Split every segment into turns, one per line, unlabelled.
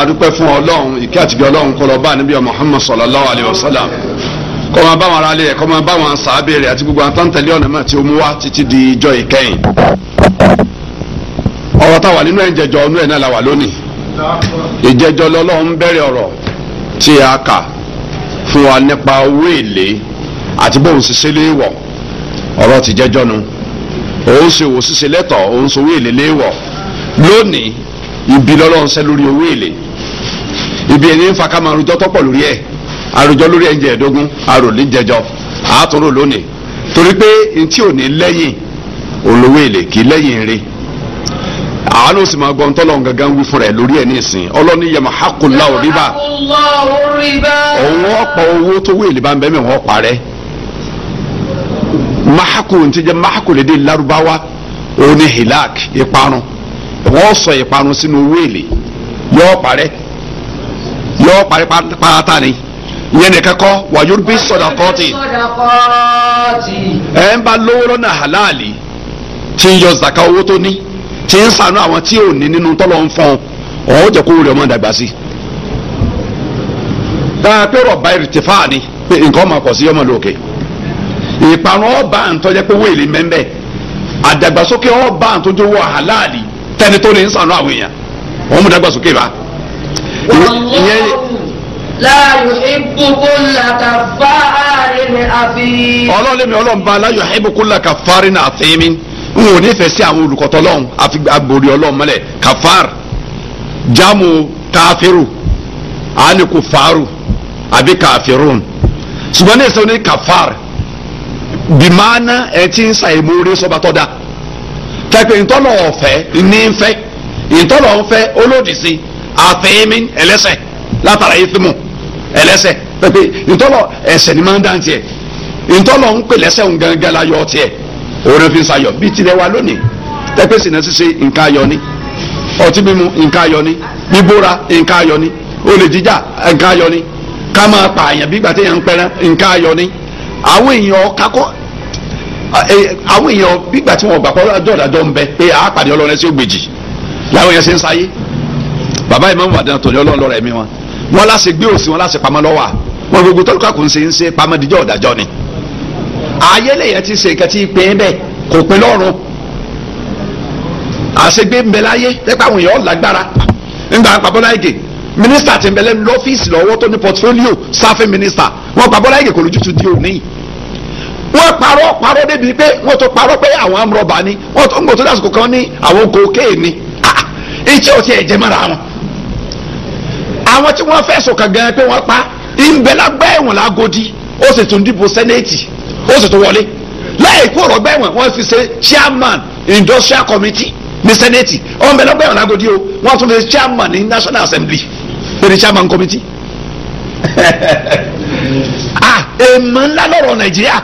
adúpẹ́ fún ọlọ́run ìkẹ́ àtìgbẹ́ ọlọ́run kọ́ lọ bá níbi Muhammad sallallahu alayhi wa sallam kọ́ máa bá wọn aráalé rẹ̀ kọ́ máa bá wọn sàábẹ̀ rẹ̀ àti gbogbo àtàntẹ̀lé ọ̀nà náà tí ó mú wá títí di ìjọ ìkẹyìn ọ̀rọ̀ táwa nínú ìjẹjọ ọ̀nú ẹ̀ náà la wà lónìí ìjẹjọ lọ́lọ́run bẹ̀rẹ̀ ọ̀rọ̀ tí a kà fún wa nípa owó èlé àti bóun ṣiṣẹ́ léèwọ̀ ọ̀rọ̀ ti jẹjọ́ nu òun ibi lọ́lọ́run ṣe lórí owó èlé ibi ẹni ń fa ká máa rojọ́ tọ́pọ̀ lórí ẹ̀ àròjọ lórí ẹ̀jẹ̀ ẹ̀dógún àròlé jẹjọ àátúrò lónìí torí pé ntí ò ní lẹ́yìn olówó èlé kì í lẹ́yìn rẹ̀ àánú sì máa gbọ́ ntọ́lọ́ gangan wí fún rẹ̀ lórí ẹ̀ nísìn ọlọ́ni yẹ máa hákò òun ọ̀pọ̀ owó tó wé bá ń bẹ́ mi wọ́n parẹ́ mahako ntí jẹ́ mahako lédè òun yọ parí pátá ni ìyẹn nìkan kọ́ wàyúr bí sọdọkọtì ẹ ń bá lówó na halali ti yọ zaka owó tó ní tí ń sànú àwọn tí ò ní nínú tọ́lọ̀ ń fọ́n ọ̀hún jẹ́ kó rẹ̀ ọmọ dàgbà sí. dáa pé rọ̀bà ìrìtìfà ni pé nǹkan ọmọ kọ̀ sí ọmọ lókè ìparun ọba àǹtọ́jẹ́ pé wéèlì mẹ́mbẹ́ àdàgbàsókè ọba àǹtọ́jọ́ halali tẹni tó ní àwọn èèyàn dàgbàsókè ọlọ́run lèmi ọlọ́run bá aláyọ̀ ẹ̀bùkúnlá kàfárí náà àfẹ́mi n ò nífẹ̀ẹ́ sí àwọn olùkọ́tọ́ ọlọ́run àfi agbórí ọlọ́run mọ́lẹ̀ kàfár jámù káfíru àlìkù fàárù àbí káfírùn ṣùgbọ́n ní ìsọ̀rọ̀ ní kàfár bìmánà ẹ̀ ti ń ṣàìmóore sọ́ba tó da tẹ̀pẹ̀ ìtọ́lọ̀ ọ̀fẹ́ ní ń fẹ́ ìtọ́lọ̀ ń fẹ́ àtẹ̀yẹ́mí ẹlẹ́sẹ̀ látara ìtumù ẹlẹ́sẹ̀ pépé ntọ́lọ̀ ẹsẹ̀ ni máa ń dá tiẹ̀ ntọ́lọ̀ ń pè lẹ́sẹ̀ ń gangan la yọ tiẹ̀ òun fi ń sayọ̀ bí tirẹ̀ wa lónìí tẹ́pẹ́ sì náà ṣíṣe nǹkan ayọ̀ ni ọtí mímu nǹkan ayọ̀ ni bíbóra nǹkan ayọ̀ ni olè jíjà nǹkan ayọ̀ ni ká máa pààyàn bí gbàtẹ́ yẹn ń pẹ́rẹ́ nǹkan ayọ̀ ni àwọn èèyàn kakọ́ àwọn èèyàn bí gbàtí wọn gbàgbọ́ Baba ìmáàmù Ìbàdàn tòní ọlọ́run lọ́rọ̀ ẹ̀mí wọn wọn láṣẹ gbé òsì wọn láṣẹ pamọ́ lọ́wọ́ wọn gbogbo tọ́lùkà kò ń ṣe ń ṣe pamọ́ díjọ́ ni ayẹlẹ ti ṣe nǹkan ti pè é bẹ́ẹ̀ kò pé lọ́rùn àṣegbé ń bẹ láyé pẹ́pẹ́ àwọn èèyàn lágbára ńgbà pàbọ́lá mínísítà ti ń bẹ lọ́fíìsì lọ́wọ́ tó ní pọtifólíò sáfẹ́ mínísítà wọn pàbọ́lá ègè kò di òní parọ́ parọ́ débi pé tó parọ́ pé àwọn amúrọ̀bà ni ni ah, ah, àwọn tí wọ́n fẹ̀sùn kàn gan pé wọ́n pa ìbẹ̀lágbà ẹ̀wọ̀n lágodi ó sì tún dìbò sẹ́nẹ̀tì ó sì tún wọlé láì kó ọ̀rọ̀ gbẹ̀wọ̀n wọ́n fi ṣe chairman industrial committee ní sẹ́nẹ̀tì ọ̀n bẹ̀lágbà ẹ̀wọ̀n lágodi o wọ́n tún fi chairman ní national assembly pẹ̀lú chairman committee ah èèmọ̀ ńlá lọ́rọ̀ nàìjíríà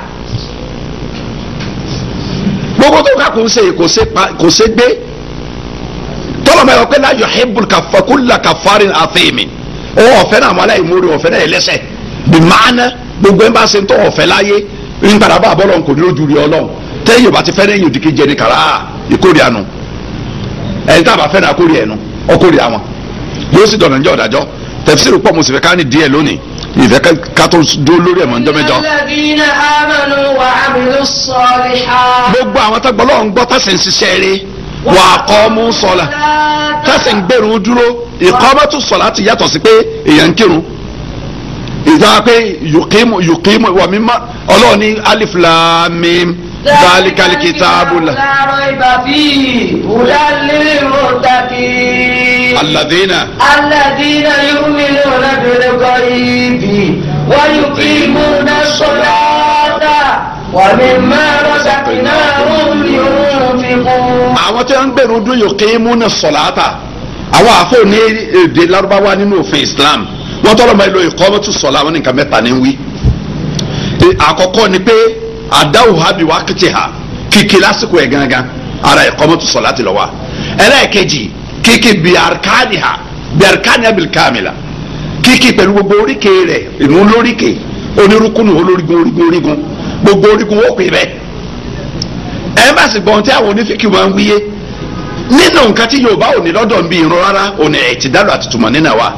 gbogbo tó ká kò ń ṣe kò ṣe gbé tọ́lọ̀ bá yọ pé láyọ̀ hebul kàfàkúlà kàfàrin àfẹ́mi ó ọ̀fẹ́ náà mọ aláìmúre ọ̀fẹ́ náà ẹlẹ́sẹ̀ bí máàná gbogbo ẹ̀ bá ṣe ń tọ́ ọ̀fẹ́ láyé ń padà bá àbọ̀lọ̀ kò ní lójú rí ọlọ́run tẹ́yìn bá ti fẹ́ lẹ́yìn òdìkejì jẹ ní kàrá ìkórè àánú ẹ̀yìn tá a bá fẹ́ náà kórè ẹ̀nu ọkórè àwọn yóò sì dọ̀nà ǹjẹ́ ọ̀dàjọ́ tẹ̀físìrì pọ̀ mo ká ní díẹ̀ lónìí ìfẹ́ ká tó dúró lórí ẹ̀mọ́ ǹjọ́ mẹ́jọ. gbogbo àwọn tó gbọ́ lọ́wọ́ ń gbọ́ tásẹ̀ ṣiṣẹ́ eré wà á kọ́ mú sọ́la tẹ́sí ń gbèrú dúró ìkọ́mọ́tò sọ́la ti yàtọ̀ sí pé èèyàn ń kírun ìjà pé yùkímù yùkímù wà mí má ọlọ́ọ̀ni alif lam mim zalikal kitabu la. الذين
الذين يؤمنون بالغيب ويقيمون الصلاة
ومما رزقناهم ينفقون àwọn tí wọ́n ń gbèrú dún yuqimuna salata àwọn àfọ̀ ní èdè Lárúbáwá nínú òfin Islam wọ́n tọ́lọ̀ máa lo iqamatu salat wọn ní nǹkan mẹ́ta ní wí. àkọ́kọ́ ni pé adauha bi waqtiha kìkì lásìkò ẹ̀ gangan ara iqamatu salati ló wà. ẹlẹ́ẹ̀kejì kìkì bi arkaniha bi arkaniha bil kamila kìkì pẹ̀lú gbogbo oríkèé rẹ̀ ìrún lóríkèé onírúkúnù olórígun orígun orígun gbogbo orígun ó pè bẹ́ẹ̀ ẹ bá sì gbọ́n tí àwọn onífíkì máa ń wíyé nínú nǹkan tí yorùbá ò ní lọ́dọ̀ ń bí irun rárá òun ẹ̀ ti àti tùmọ̀ nínà wa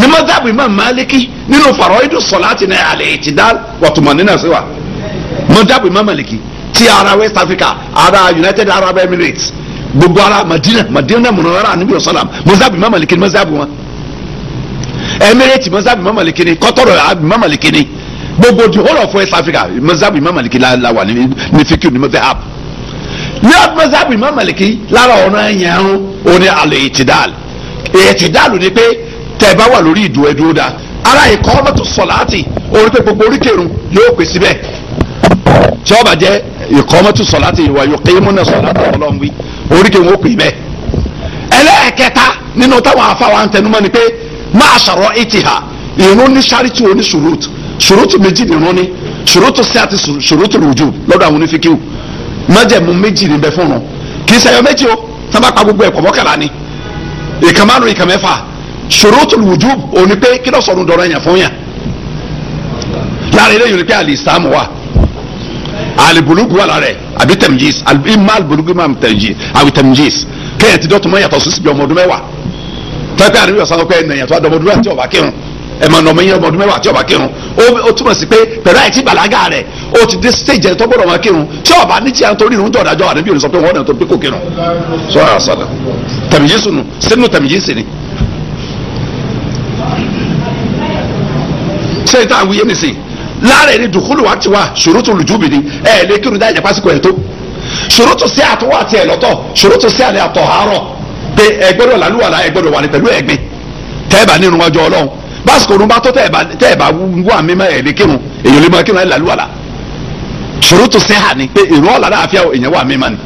ní mọ́tàbí imam maliki nínú faraidu salati ní alẹ́ ẹ̀ ti dá wàtùmọ̀ sí wa mọ́tàbí imam maliki ti ara west africa ara united arab emirates gbogbo ara madina madina munawara anabi ọsọlam mọ́tàbí imam maliki ni mọ́tàbí wọn emirates mọ́tàbí imam maliki ni kọ́tọ́rọ̀ imam maliki ni gbogbo the whole of west africa mọ́tàbí imam maliki la la wà ní fíkì ní mọ́tàbí ní ọgbẹ́sàbù Imam Maliki lára ọ̀nà ẹ̀yẹ̀rún òní àlè ìtìdáàlì ìtìdáàlì ni pé tẹ̀ bá wà lórí ìdúró ẹ̀dúró dáa ara ìkọ́ ọmọtò sọ̀láàtì orí pé gbogbo oríkèrún yóò pè síbẹ̀ tí ọba jẹ́ ìkọ́ ọmọtò sọ̀láàtì ìwà yóò kéé múnà sọ̀láàtì ọlọ́run wí oríkèrún ó pè bẹ́ẹ̀ ẹlẹ́ẹ̀kẹta nínú táwọn afáwa ń tẹnumọ́ ni pé máa ṣàrọ̀ ìtìhà ìrún ní ṣáríìtì oní ṣùrùtù ṣùrùtù méjì ni ṣùrùtù sí àti ṣùrùtù rùjù lọ́dọ̀ àwọn onífíkíw májẹ̀mú méjì níbẹ̀ fún un kì í méjì o sábà pa gbogbo ẹ̀kọ́ mọ́kànlá ni ìkan márùn ìkan mẹ́fà ṣurutul wujub òní pé kí lọ́sọ̀rọ̀ dọ̀rọ̀ yẹn fún yẹn lára eléyìí ni pé al-islam wà alibulugu wà lára ẹ̀ àbí tẹ̀mjíìs ima alibulugu ima tẹ̀mjíìs àbí tẹ̀mjíìs kéèyàn ti dọ́tun mọ́ yàtọ̀ sísè bí ọmọ ọdún mẹ́wàá tẹ́pẹ́ àríwí ọ̀sán ọkọ ẹ̀ nà yàtọ̀ ẹ̀mọ̀ ọ̀nà ọmọ yẹn ọmọ ọdún mẹ́wàá tí ó bá kírun ó túmọ̀ sí pé pẹ̀lú àìtí bàlágà rẹ̀ ó ti dé stage tó gbọ́dọ̀ máa kírun tí ó bá ní tí a ń torí irun tó ọ̀dájọ́ àdébí òní sọ pé wọ́n náà tó pé kò kírun sọ́ra àṣàdà tàmíyí sùnù sínú tàmíyí sì ni. ṣé ìta àwọn yẹn nìsín lára ẹni dùkúlù wa ti wá ṣòro tó lùjú bìíní ẹ lè kírun dáìjà pásíkò ẹ̀ tó ṣòro tó sí àtọwọ́ àti ẹ̀ lọ́tọ̀ ṣòro tó sí àlẹ́ àtọ̀ àárọ̀ pé ẹ gbọ́dọ̀ làlúwàlà ẹ gbọ́dọ̀ wà ní pẹ̀lú ẹ̀gbin tẹ́ẹ̀bà nínú básìkò òun bá tó tẹ́ ẹ̀ bá wà mímọ́ ẹ̀ lè kírun èyàn lè mọ kírun ẹ̀ lálùwàlà ṣòro tó sẹ́hà ni pé èrò ọ̀la láàfíà èyàn wà mímọ́ ni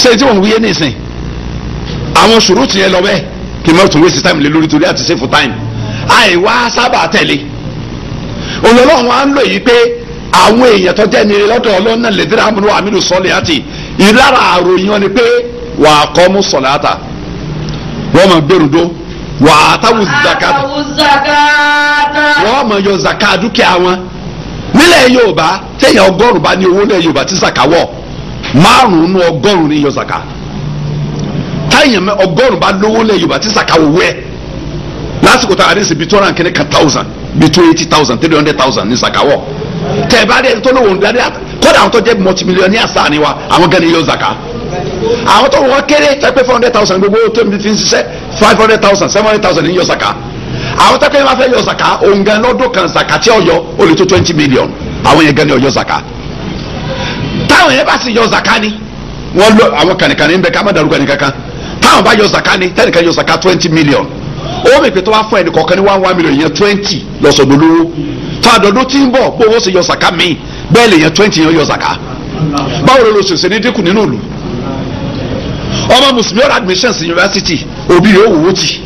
ṣé tí wọ́n wíyé nísìn àwọn ṣòro tiẹ̀ lọ bẹ́ẹ̀ kí n má tún waste time lé lórí torí àti save time àìwá sábà tẹ̀lé olólùwọ̀n wa ń lò yìí pé àwọn èèyàn tó jẹ́ nire lọ́dọ̀ ọlọ́nà lẹ́dẹ́rẹ́ àmúlò àmìlò sọ́ọ̀lì àti ìlara àròyìn wọn ni pé wà á táwù zaka wọ́n mọ̀ yọ zaka dúkìá wọn nílẹ̀ yorùbá téèyàn ọgọ́rùn-ún bá ní owó nílẹ̀ yorùbá tí zaka wọ̀ márùn-ún nu ọgọ́rùn-ún ní yọ zaka táyàn ọgọ́rùn-ún bá lówó nílẹ̀ yorùbá tí zaka wọ̀ wẹ́ lásìkò tá a sí bíi two hundred and kan thousand bíi two eighty thousand three hundred thousand ní zaka wọ̀ tẹ̀ bá dé tó lówó nílẹ̀ yorùbá kódà àwọn tó jẹ́ multimillionaire sáà wa àwọn gan ni yọ zaka àwọn tó wọ́n kéré tẹ́ pé four hundred thousand gbogbo tó ń fi ṣiṣẹ́ five hundred thousand seven hundred thousand ní yọ saka àwọn tẹ́kọ̀ yẹn bá fẹ́ yọ saka òun gan lọ́dún kan saka tí ó yọ twenty million àwọn yẹn gan ni ó yọ saka táwọn yẹn bá sì yọ saka ni wọ́n lọ àwọn kànìkànì ń bẹ ká má darúgbà ní kankan táwọn bá yọ saka ni tẹ́nìkan yọ saka twenty million ó mi pè tó wá fún ẹnì kọ̀ọ̀kan ní one one million yẹn twenty lọ́sọ̀dọ̀ lówó fàdọ̀dún tí ń bọ̀ bó owó ṣe yọ saka mi bẹ́ẹ̀ lè yẹn twenty yẹn yọ saka báwo ló lọ sòsè ní dínkù nínú ìlú ọmọ mùsùlùmí ọ̀rọ̀ admission sí òbí rẹ̀ òwò tì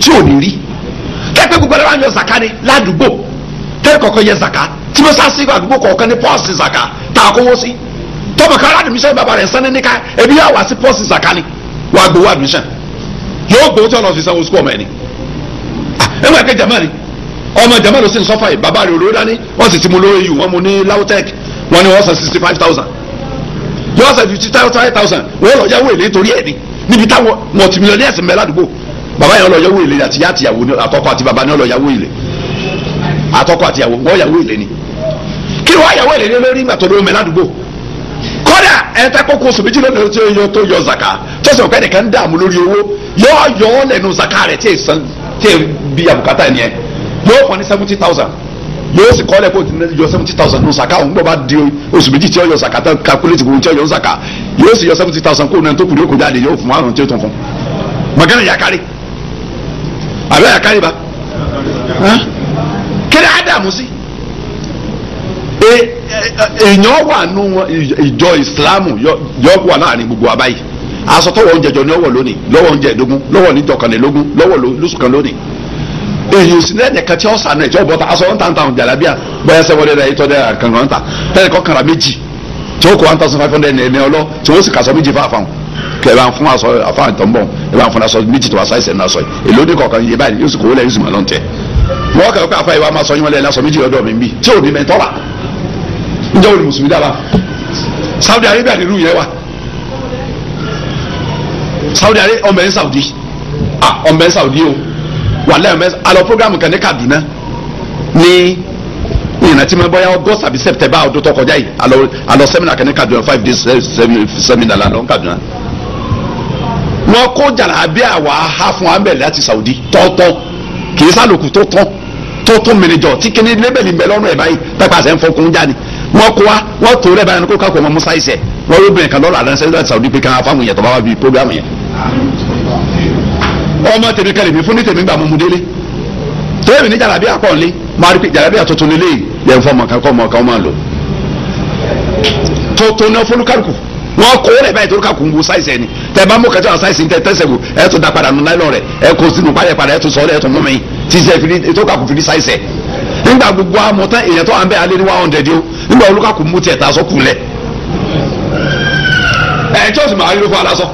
tí ò ní rí kẹ́pẹ́ gbogbo ẹ̀rọ àyàn zaka ni ládùúgbò tẹ́lẹ̀ kọ̀ọ̀kan yẹ zaka tí mo sá sí àdúgbò kọ̀ọ̀kan ní pọ́ọ̀sì zaka tá a kówó sí tọmọ kan aládùúmíṣẹ́ bàbá rẹ̀ sẹ́ni níka ẹbí yà wá sí pọ́ọ̀sì zaka ni wàá gbowó admission yóò gbowó tí wọn lọ fi sanwó sukú ọmọ ẹni ah, ẹ wọ́n ẹ̀kẹ́ jama ni ọmọ jama ló sì ń sọ́fà yìí bàbá rẹ̀ olóró dání wọ́n sì ti mu lórí yìí wọ́n mu ní lautech wọ́n ní wọ́n san sixty five thousand yóò san fifty five thousand wọ́n lọ yáwó èlé torí ẹ̀ ni níbi táwọn multimillionaires ń bẹ ládùúgbò bàbá yẹn lọ yàwó ilé àti ìyá àtìyàwó àtọkọ àti bàbá yẹn lọ yàwó ilé àtọkọ àtìyàwó wọn yàwó ilé ni kí wọn yàwó ilé lórí ìgbà tó ló ń bẹ ládùúgbò kódà ẹ̀ẹ́dẹ́ kókó oṣù méjì lónìí tó yọ tó yọ zaka tó sọ pé ẹnìkan ń dààmú lórí owó yọ yọ lẹ́nu zaka rẹ̀ tí èsàn tí èbi àbùkátà ẹ̀ nìyẹn yóò fọ ní seventy thousand yóò sì kọ́ lẹ́kọ̀ọ́ yọ seventy thousand nù sàkà òun gbọ́ bá di oṣù méjì tí ó yọ sàkà tán calculate gbogbo tí ó yọ sàkà yóò sì yọ seventy thousand kó náà tó kù ní òkú jáde yóò fún wa àrùn tí ó tún fún magana yakari àbẹ yakari ba kéde ádámù sí èèyàn wà nù ìjọ ìsìlámù yọ wà láàrin gbogbo àbáyé aṣọ tọwọ oúnjẹ jọ ni ọwọ lónìí lọ́wọ́ oúnjẹ ìdógún lọ́wọ́ níjọ kànlélógún lọ́wọ́ lóṣù kan lónìí èyí ò sí lẹ́yìn kan tí ó sànù ẹ̀jẹ̀ ọ̀bọ̀ta aṣọ one thousand thousand jalabia bóyá sẹ́wọ́n dẹ́rẹ́ eight hundred and kankan ta tẹ́lẹ̀ kọ́ kàrà méjì tí ó kọ́ one thousand five hundred ẹ̀ní ọlọ́ tí ó sì kàṣọ méjì fún àfahàn kẹ ẹ bá ń fún aṣọ àfahàn tó ń bọ̀ ẹ bá ń fún aṣọ méjì tó wà sáìsẹ̀ náà sọ yìí èlò ní kọ̀ọ̀kan yìí báyìí yóò sì kówó lẹ́yìn sì mọ̀ lọ́n tẹ wọ́n kẹ́ ọkọ̀ àfahàn yìí wà máa sọ yín wọlé lásọ méjì ọ̀dọ̀ mi bí tí ò ní mẹ́tọ́ wa ǹjẹ́ wo ni mùsùlùmí dábàá Saudi Arabia Saudi Arabia ọmọ ẹ̀ Saudi ah ọmọ ẹ̀ Saudi o wàhálà ẹ̀mẹ́sà alọ programu kan ní Kaduna ní ìrántí mi bóyá August àbí September ọdún tó kọjá yìí alọ alọ seminar kan ní Kaduna five days eh, seminar la lọ ní Kaduna wọn kó jàlábíà wà á há fún amẹ láti Saudi tọ́tọ́ kì í sálòkù tó tán tó tún mìnìjọ tí kìíní lébèlì ń bẹ lọ́rùn ẹ̀ báyìí pápá sẹ́ ń fọkùn jáde wọn kó wa wọn tó rẹ̀ báyìí kó kákó ọmọ Musa ìṣẹ̀ wọn yóò bẹ̀rẹ̀ kan lọ́rọ̀ àdánsẹ́ láti Saudi pé kí wọn fáwọn èèyàn bá wà bíi programu yẹn ọmọ tèmi kan lèmi fún ní tèmi gbà mọ́mú délé tèmi ní jàlábí àpọ̀nlé máa rí pé jàlábí àtúntún lélẹ̀ yìí yẹn fún ọmọ kan kọ́ ọmọ kan máa lò tuntun náà fọlùkàlùkù wọn kó rẹ báyìí torí ká kún wo sáìsì ẹni tẹ bá mú kẹtẹ wà sáìsì tẹ tẹsẹ wò ẹ tún da padà nù láìlọ rẹ ẹ kó sínú báyẹ padà ẹ tún sọ ọ lẹ ẹ tún mú mi tí sẹ fi ètò kàkùn fi ní sáìsì ẹ nígbà gbogbo amọ̀tán èèyàn tó à ń bẹ alẹ́ ní one hundred yìí o nígbà olùkàkùn mú tiẹ̀ tà sọ kù lẹ ẹ tí o sì máa rí ló fọ aláṣọ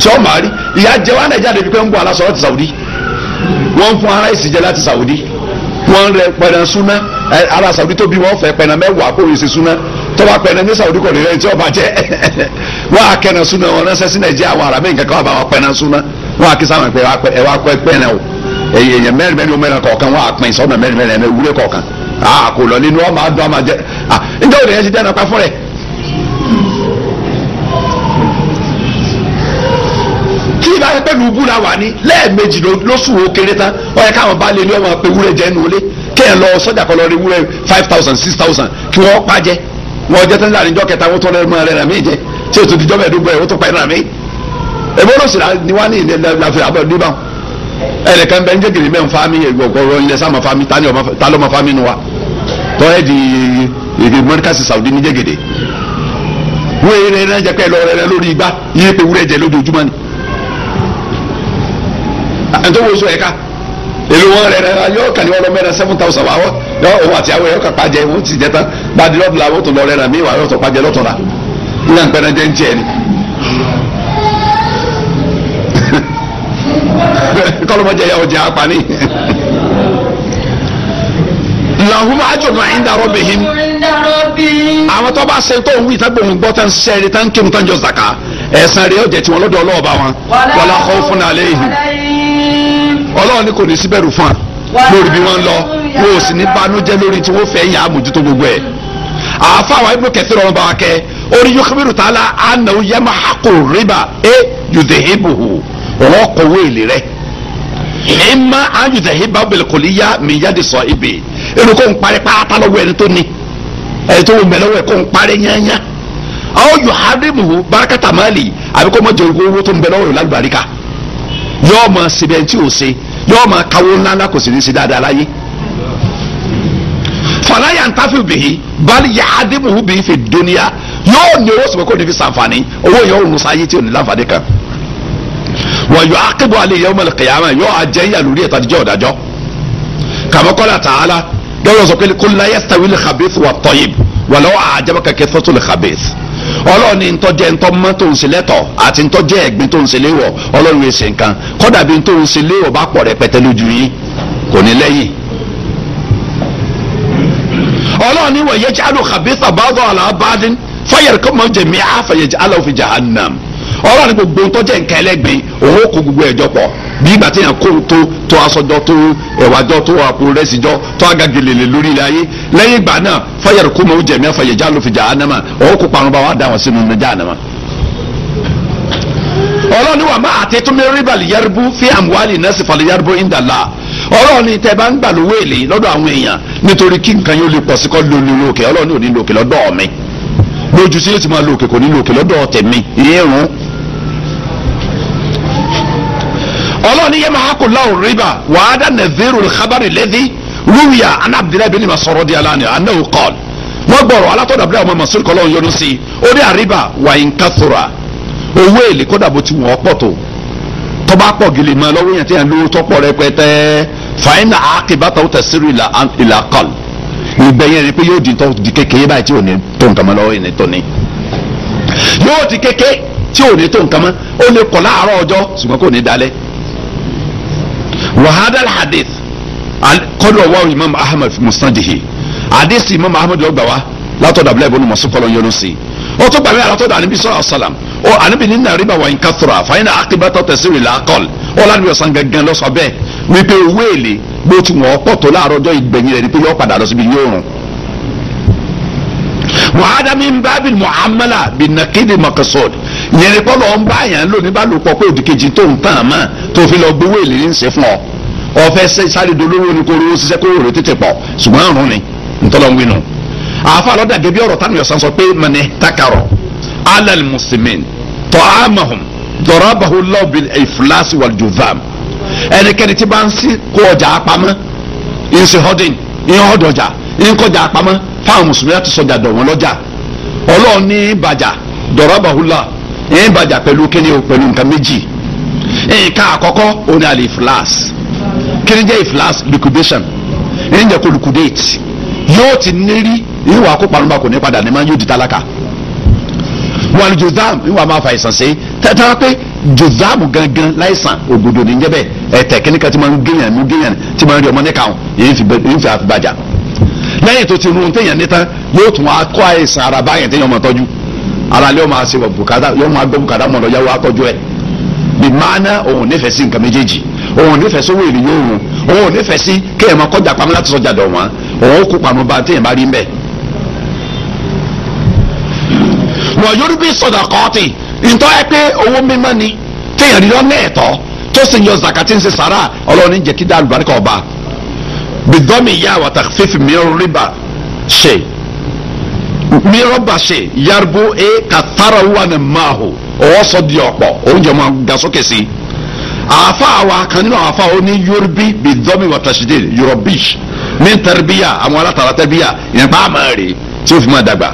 tí o máa rí ìyá jẹ wá nàìjíríà débi pé ń bọ aláṣọ láti Saudi wọ́n fún ara ìsìnjẹ láti Saudi wọ́n rẹ pẹran súná ara Saudi tó bí wọ́n fẹ́ pẹran mẹ́wàá kó ìsìn súná tọ́wọ́ pẹran ní Saudi kò ní rẹ tí ọba jẹ wọ́n á kẹran súná wọ́n ránṣẹ́ sí nàìjíríà àwọn ará mẹ́yìn kankan wà bá wọn pẹran súná wọ́n á kí sáwọn pé ẹ wá pẹ pẹran o èyàn mẹ́rin mẹ́rin mẹ́rin kọ̀ọ̀kan wọ́n á pin sọ́nà mẹ́rin mẹ́rin mẹ́rin wúlé kọ̀ọ̀kan àkò lọ nínú ìbá fẹ́ pẹ̀lú ubú la wà ní lẹ́ẹ̀mejì lóṣù wo kéré tán ó yẹ káwọn bá lé ní ọmọ pé wúrẹ́ jẹ́ nulẹ̀ kẹ́ ẹ̀ lọ sọ́jà kọ́ lọ rí wúrẹ́ five thousand six thousand kí wọ́n pa jẹ́ wọ́n jẹ́ tán láàrin jọ́ kẹta wọ́n tọ́ lẹ́rú mọ́ ẹ̀rẹ́ rẹ̀ mí jẹ́ tí o tún ti jọ́ mẹ́ẹ̀ẹ́dógún ẹ̀ o tún pa ẹ̀rẹ́ mi. èmi ni wọ́n ní ìlẹ́lẹ́fẹ́ abẹ́ọ̀dúnbà ẹnìkan bẹ́ẹ̀ ń jẹ́ gèrè mẹ́rin fámi ọ̀gọ̀rọ̀ ilẹ̀ sáà ma fámi ta ló ma fámi Saudi ní jẹ́gẹ̀dẹ̀ wọ́n èrè náà jẹ́ pẹ́ lọ́rẹ́ lórí igbá yíyẹ pé ẹni tó wọṣọ ẹ̀ka èlò wọn rẹ rẹ yọ kàn ní wọn lọ mẹ́rin seven thousand àwọn yọ òun àti àwọn yọ kàn pàjẹ wọn ti jẹ tán gbadi lọ́dún làwọn tó lọ rẹ rà mí wà yọ tó pàjẹ lọ́tọ̀ rà nígbà pẹ́rẹ́ jẹ́ ń jẹ́ ni. kọlọmọdé yà ọjà apani lahum ajurun inda rabbihim àwọn tó bá ṣe tó ń wí tá gbòǹ gbọ́ tán ṣẹ́ẹ̀rì tán kírun tán jọ zaka ẹ̀sán rẹ̀ yóò jẹ́ tiwọn lọ́dọ̀ ọlọ́ọ̀bá wọn wala khawfun alayhim ọlọ́run ní kò ní síbẹ̀rù fún
wa lórí bí wọ́n ń lọ wọn ò sì
ní banújẹ́ lórí tí wọ́n fẹ́ yàn àmójútó gbogbo ẹ̀ àáfàá wa ibùdó kẹsìrì ọ̀run bá wa kẹ́ orí yókùbírù tá a la àna yẹmọ àkó rìbá ẹ yùdẹ̀hìbùhù ọ̀rọ̀ kọ̀wé ìlè rẹ̀ ẹ má à ń yùdẹ̀hìbá bẹ̀rẹ̀ kò ní yá mi yá de sọ ibè ẹnu kò ń parí pátá lọ́wọ́ ẹni tó ni ẹni tó wọ́n mẹ́lẹ́wọ́ ẹ kò ń parí yányá àwọn yòhánìmù barakata máàlì àbíkọ́ mọ́jọ owó tó ń bẹ lọ́wọ́ rẹ̀ lálùbáríkà yọ́ọ́ mọ̀ síbẹ̀ tí ò ṣe yóò máa kawó ńláńlá kò sì ní í ṣe dáadáa láyé fàlàyà ń tafi bìí bali yàdìmùhù bìí fi dúnìá yóò ní owó sọ̀rọ̀ kó ní fi sànfàní owó yẹn ò nusa ayé tí ò ní láǹfààní kan wọ́n yọ akébọ̀ alẹ́ yẹn ọmọlẹ̀ kẹyàmẹ́ yọ àjẹ́ yà lórí ẹ̀ta díjọ́ ọ̀dájọ́ kàmọ́kọ́lá tààlà lọ́wọ́ sọ pé kó láyé sàwílì xabẹ́sì wà tọ́yìn wà lọ́wọ́ àjẹmọ́kẹ́kẹ́ sọ́tún lè xabẹ́sì ọlọ́run ní ntọ́jẹ́ ntọ́ mọ́ tó ń ṣe lẹ́tọ̀ àti ntọ́jẹ́ ẹ̀gbin tó ń ṣe léwọ̀ ọlọ́run yẹn ṣe nǹkan kọ́dà bí tó ń ṣe léwọ̀ bá pọ̀ rẹpẹtẹ lójú yín kò ní lẹ́yìn. ọlọ́run ní wọ̀nyẹ́ tí alu khabitha báwọ̀ alábàdín fayẹ̀rẹ̀ kọ́ mọ́ jẹ̀mí àfẹ̀yẹ̀ aláwọ̀ fi jahannam ọlọ́run gbogbo ntọ́jẹ́ nǹkan ẹlẹ́gbin òun gbogbo ẹ̀jọ̀ pọ̀ bí ìgbà tí yàn kó ń tó tó asọjọ tó ẹwàjọ tó àpòrẹsìjọ tó agagelele lórí ilẹ̀ ayé lẹ́yìn ìgbà náà fayẹrù kó mọ jẹmí afayẹjá ló fi jà ánámà ọwọ́ kó parun bá wà dá wọn sínú nàjà ánámà. ọlọ́ni wà má àti túnbí rìbàlì yẹrìbù fi àmúwálì nẹ́sì falẹ̀ yẹrìbù ìndàlá ọlọ́ni tẹ bá ń gbà lówó èlé lọ́dọ̀ àwọn èèyàn nítorí kí nǹkan yóò lè pọ̀ sí kọ́ lónìí lókè ọlọ́ni ọlọ́run ní yẹ́mà hákò láwùn rìbá wàá dá nàzírù kábàrì lẹ́dí rúwìyà aná abdullahi bin masoro di alani anáwó kọ́l wọ́n gbọ́rọ̀ alátọ́dọ̀ abdullahi ọmọ masoro kọ́lọ́run yọnu sí ó ní àríbà wàá ń kásòrà owó èlé kọ́dà bó ti wọ́n pọ̀ tó tọ́ba pọ̀ gidi mọ́ lọ́wọ́ yẹn tí yẹn lówó tọ́pọ̀ rẹpẹtẹ fàáyínà àkìbátà ó tẹ̀sírù ìlà kọ́l ìgbẹ̀yìn rẹ pé yóò di tó di kékeré báyìí tí ò ní tó nǹkan lọ́wọ́ yẹn tó ní yóò di kékeré tí ò ní tó nǹkan ó lè kọ̀ láàárọ̀ ọjọ́ ṣùgbọ́n kò ní dalẹ̀ wàhádà hadith kọ́dọ̀ wà imam ahmed musnadihi hadith imam ahmed ló gbà wá látọ̀dọ̀ abúlé ibùdó mọ̀sán kọ́lọ́ yọ̀nù sí ó tó gbàgbé àlátọ̀dọ̀ àníbi sọ́lá ọ̀sálàm ó àníbi nínú àríbà wà ń kàtúrà fàyínà àkìbátọ̀ tẹ̀síwì làákọ́l ó lánàbí ọ̀sán gangan lọ́sọ̀ bẹ́ẹ̀ wípé owó èlé bó ti wọ́n pọ̀ tó láàárọ̀ ọjọ́ ìgbẹ̀yìn rẹ̀ yọ padà lọ síbi yóò rùn wàhádà min muhammadu bin nakidi makasod yẹn ni pọ́lọ́ ń bá yàn lò nígbà lò pọ̀ pé òdìkejì tó ń tàn mọ́ tó fi lọ gbowó èlé ní ṣe fún ọ ọfẹ sáré dolówó ni kò rówó ṣiṣẹ́ kó rè tètè pọ̀ ṣùgbọ́n àrùn ni ntọ́lọ́ ń wí nù. àfa àlọ́dà gẹ́gẹ́ bí ọ̀rọ̀ tánu yọ̀sán sọ pé mẹ́ni takarọ̀ alal muslimin tọ́ amahum dọ̀rọ̀bàhùn lọ́ọ̀bìn ìfúláṣí wàlùjọ́fàm ẹnikẹ́ni tí bá ń sí kó ọjà apamọ́ ìṣèhọ́dìn ìhọ́dọ̀jà ìkọjà apamọ́ fáwọn mùsùlùmí láti sọjà dọ̀ wọn lọ́jà ọlọ́ọ̀ni bàjà dọ̀rọ̀bàhùn lọ́ọ̀ ẹ̀ ń bàjà pẹ̀lú kíni o pẹ̀lú nǹkan méjì nǹkan àkọ́kọ́ òun ni àlè ìfìlàs kíni jẹ́ ìfìlàs liquidation ẹ̀ ń jẹ́ kó liquidate yóò ti nírí ìwà kó parun bá kò ní padà ní ma yóò di tálákà wọn ni jozam ìwà máa fa ìsàn sí tẹ́tẹ́ pé jozam gangan láìsàn ògòdò ní jẹ́ bẹ́ẹ̀ ẹ̀tẹ̀ kíní kan ti máa ń gíyàn mú gíyàn ti máa ń rí ọmọ níkà ọ̀hún èyí fi àfibàjà lẹ́yìn tó ti rún téèyàn ní tán yóò tún wá kó àìsàn ara báyẹn téèyàn máa tọ́jú ara lé o máa ṣe bùkátà yóò máa gbọ́ bùkátà mọ̀ lọ́yàwó atọ́jú ẹ̀ bí maana òun nífẹ̀ẹ́ sí nǹkan méjèèjì òun nífẹ̀ẹ́ sí owó ènìyàn òun òun nífẹ̀ẹ́ sí kéèyàn máa kọjá pamọ́ láti sọjà dọ̀ wọ́n òun kó pamọ́ bá téèyàn bá rí ń bẹ̀. wọ́n yorùbá bí sọ̀dọ̀ kọ́ọ̀tì ntọ́ ẹ pé owó mímọ́ ni téèyàn rí lọ́nà ẹ̀tọ́ tó sì yọ zakati ń ṣe sàrà ọlọ́run jẹ́ kí dá àlùbáríkà ọba bìdọ́mì yá wàtà fífi mìíràn rìbá mi rọba ṣe yaribo e ka tara wa ni maa ho ọwọ sọ di ọ̀pọ̀ oúnjẹ máa ga sókè sí àáfà wa kan nínú àáfà ó ní yorùbí bí dọ́mi wà tàṣídẹ̀ yorùbí ní tẹ̀rẹ̀bíyà àwọn alátara tẹ̀rẹ̀bíyà ìyẹn bá a máa rè tí ó fi máa dàgbà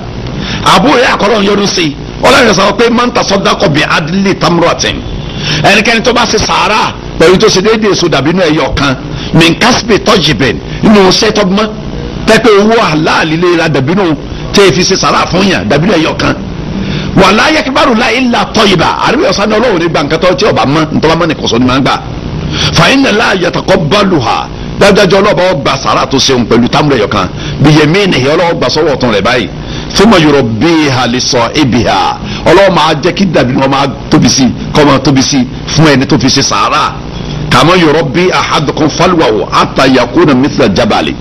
àbúrò yà kọ́lọ́ ń yọdún sí i ọlọ́run sọ pé máa ń tasọ́ dákọ̀ bí adílé tamrotin ẹnikẹ́ni tó bá ṣe sàárà pẹ̀lú tó ṣe déédéé èso dàbínú ẹ̀yọ̀ kan mìǹkásípè tọ́jìbẹ̀ nínú sẹ́tọ́gbọ́n tẹ́pẹ́ owó àláàlílé ra tẹ́ ẹ fi ṣe sàrà fún yàn dàbí ẹ̀yọ̀ kan wàlá yakibaru la ilà tọ́yìbà àríwá ọ̀sán ni ọlọ́run ní gbàǹkan tó tí ọba mọ́ ntọ́ba mọ́ ni kọ̀sọ́ ni máa ń gbà fàyínà láàyàtọ̀kọ́ bálùhà dájájọ́ ọlọ́ba ọgbà sàrà tó ṣeun pẹ̀lú támúlẹ̀ yọ̀ kan bìyẹ̀mí nìyẹn ọlọ́wọ́ gbà sọ́wọ́ ọ̀tún rẹ̀ báyìí fúnmọ̀ yọ̀rọ̀ bíi halisọ ibi ha ọlọ́wọ́ máa jẹ́ kí dàbí wọn máa tóbi sí kọ́ máa tóbi sí fún ẹni tó fi ṣe sàárà kàmọ́ yọ̀rọ̀ bíi ahadùkún falùwàwò àtàyàkúnà mithla jabali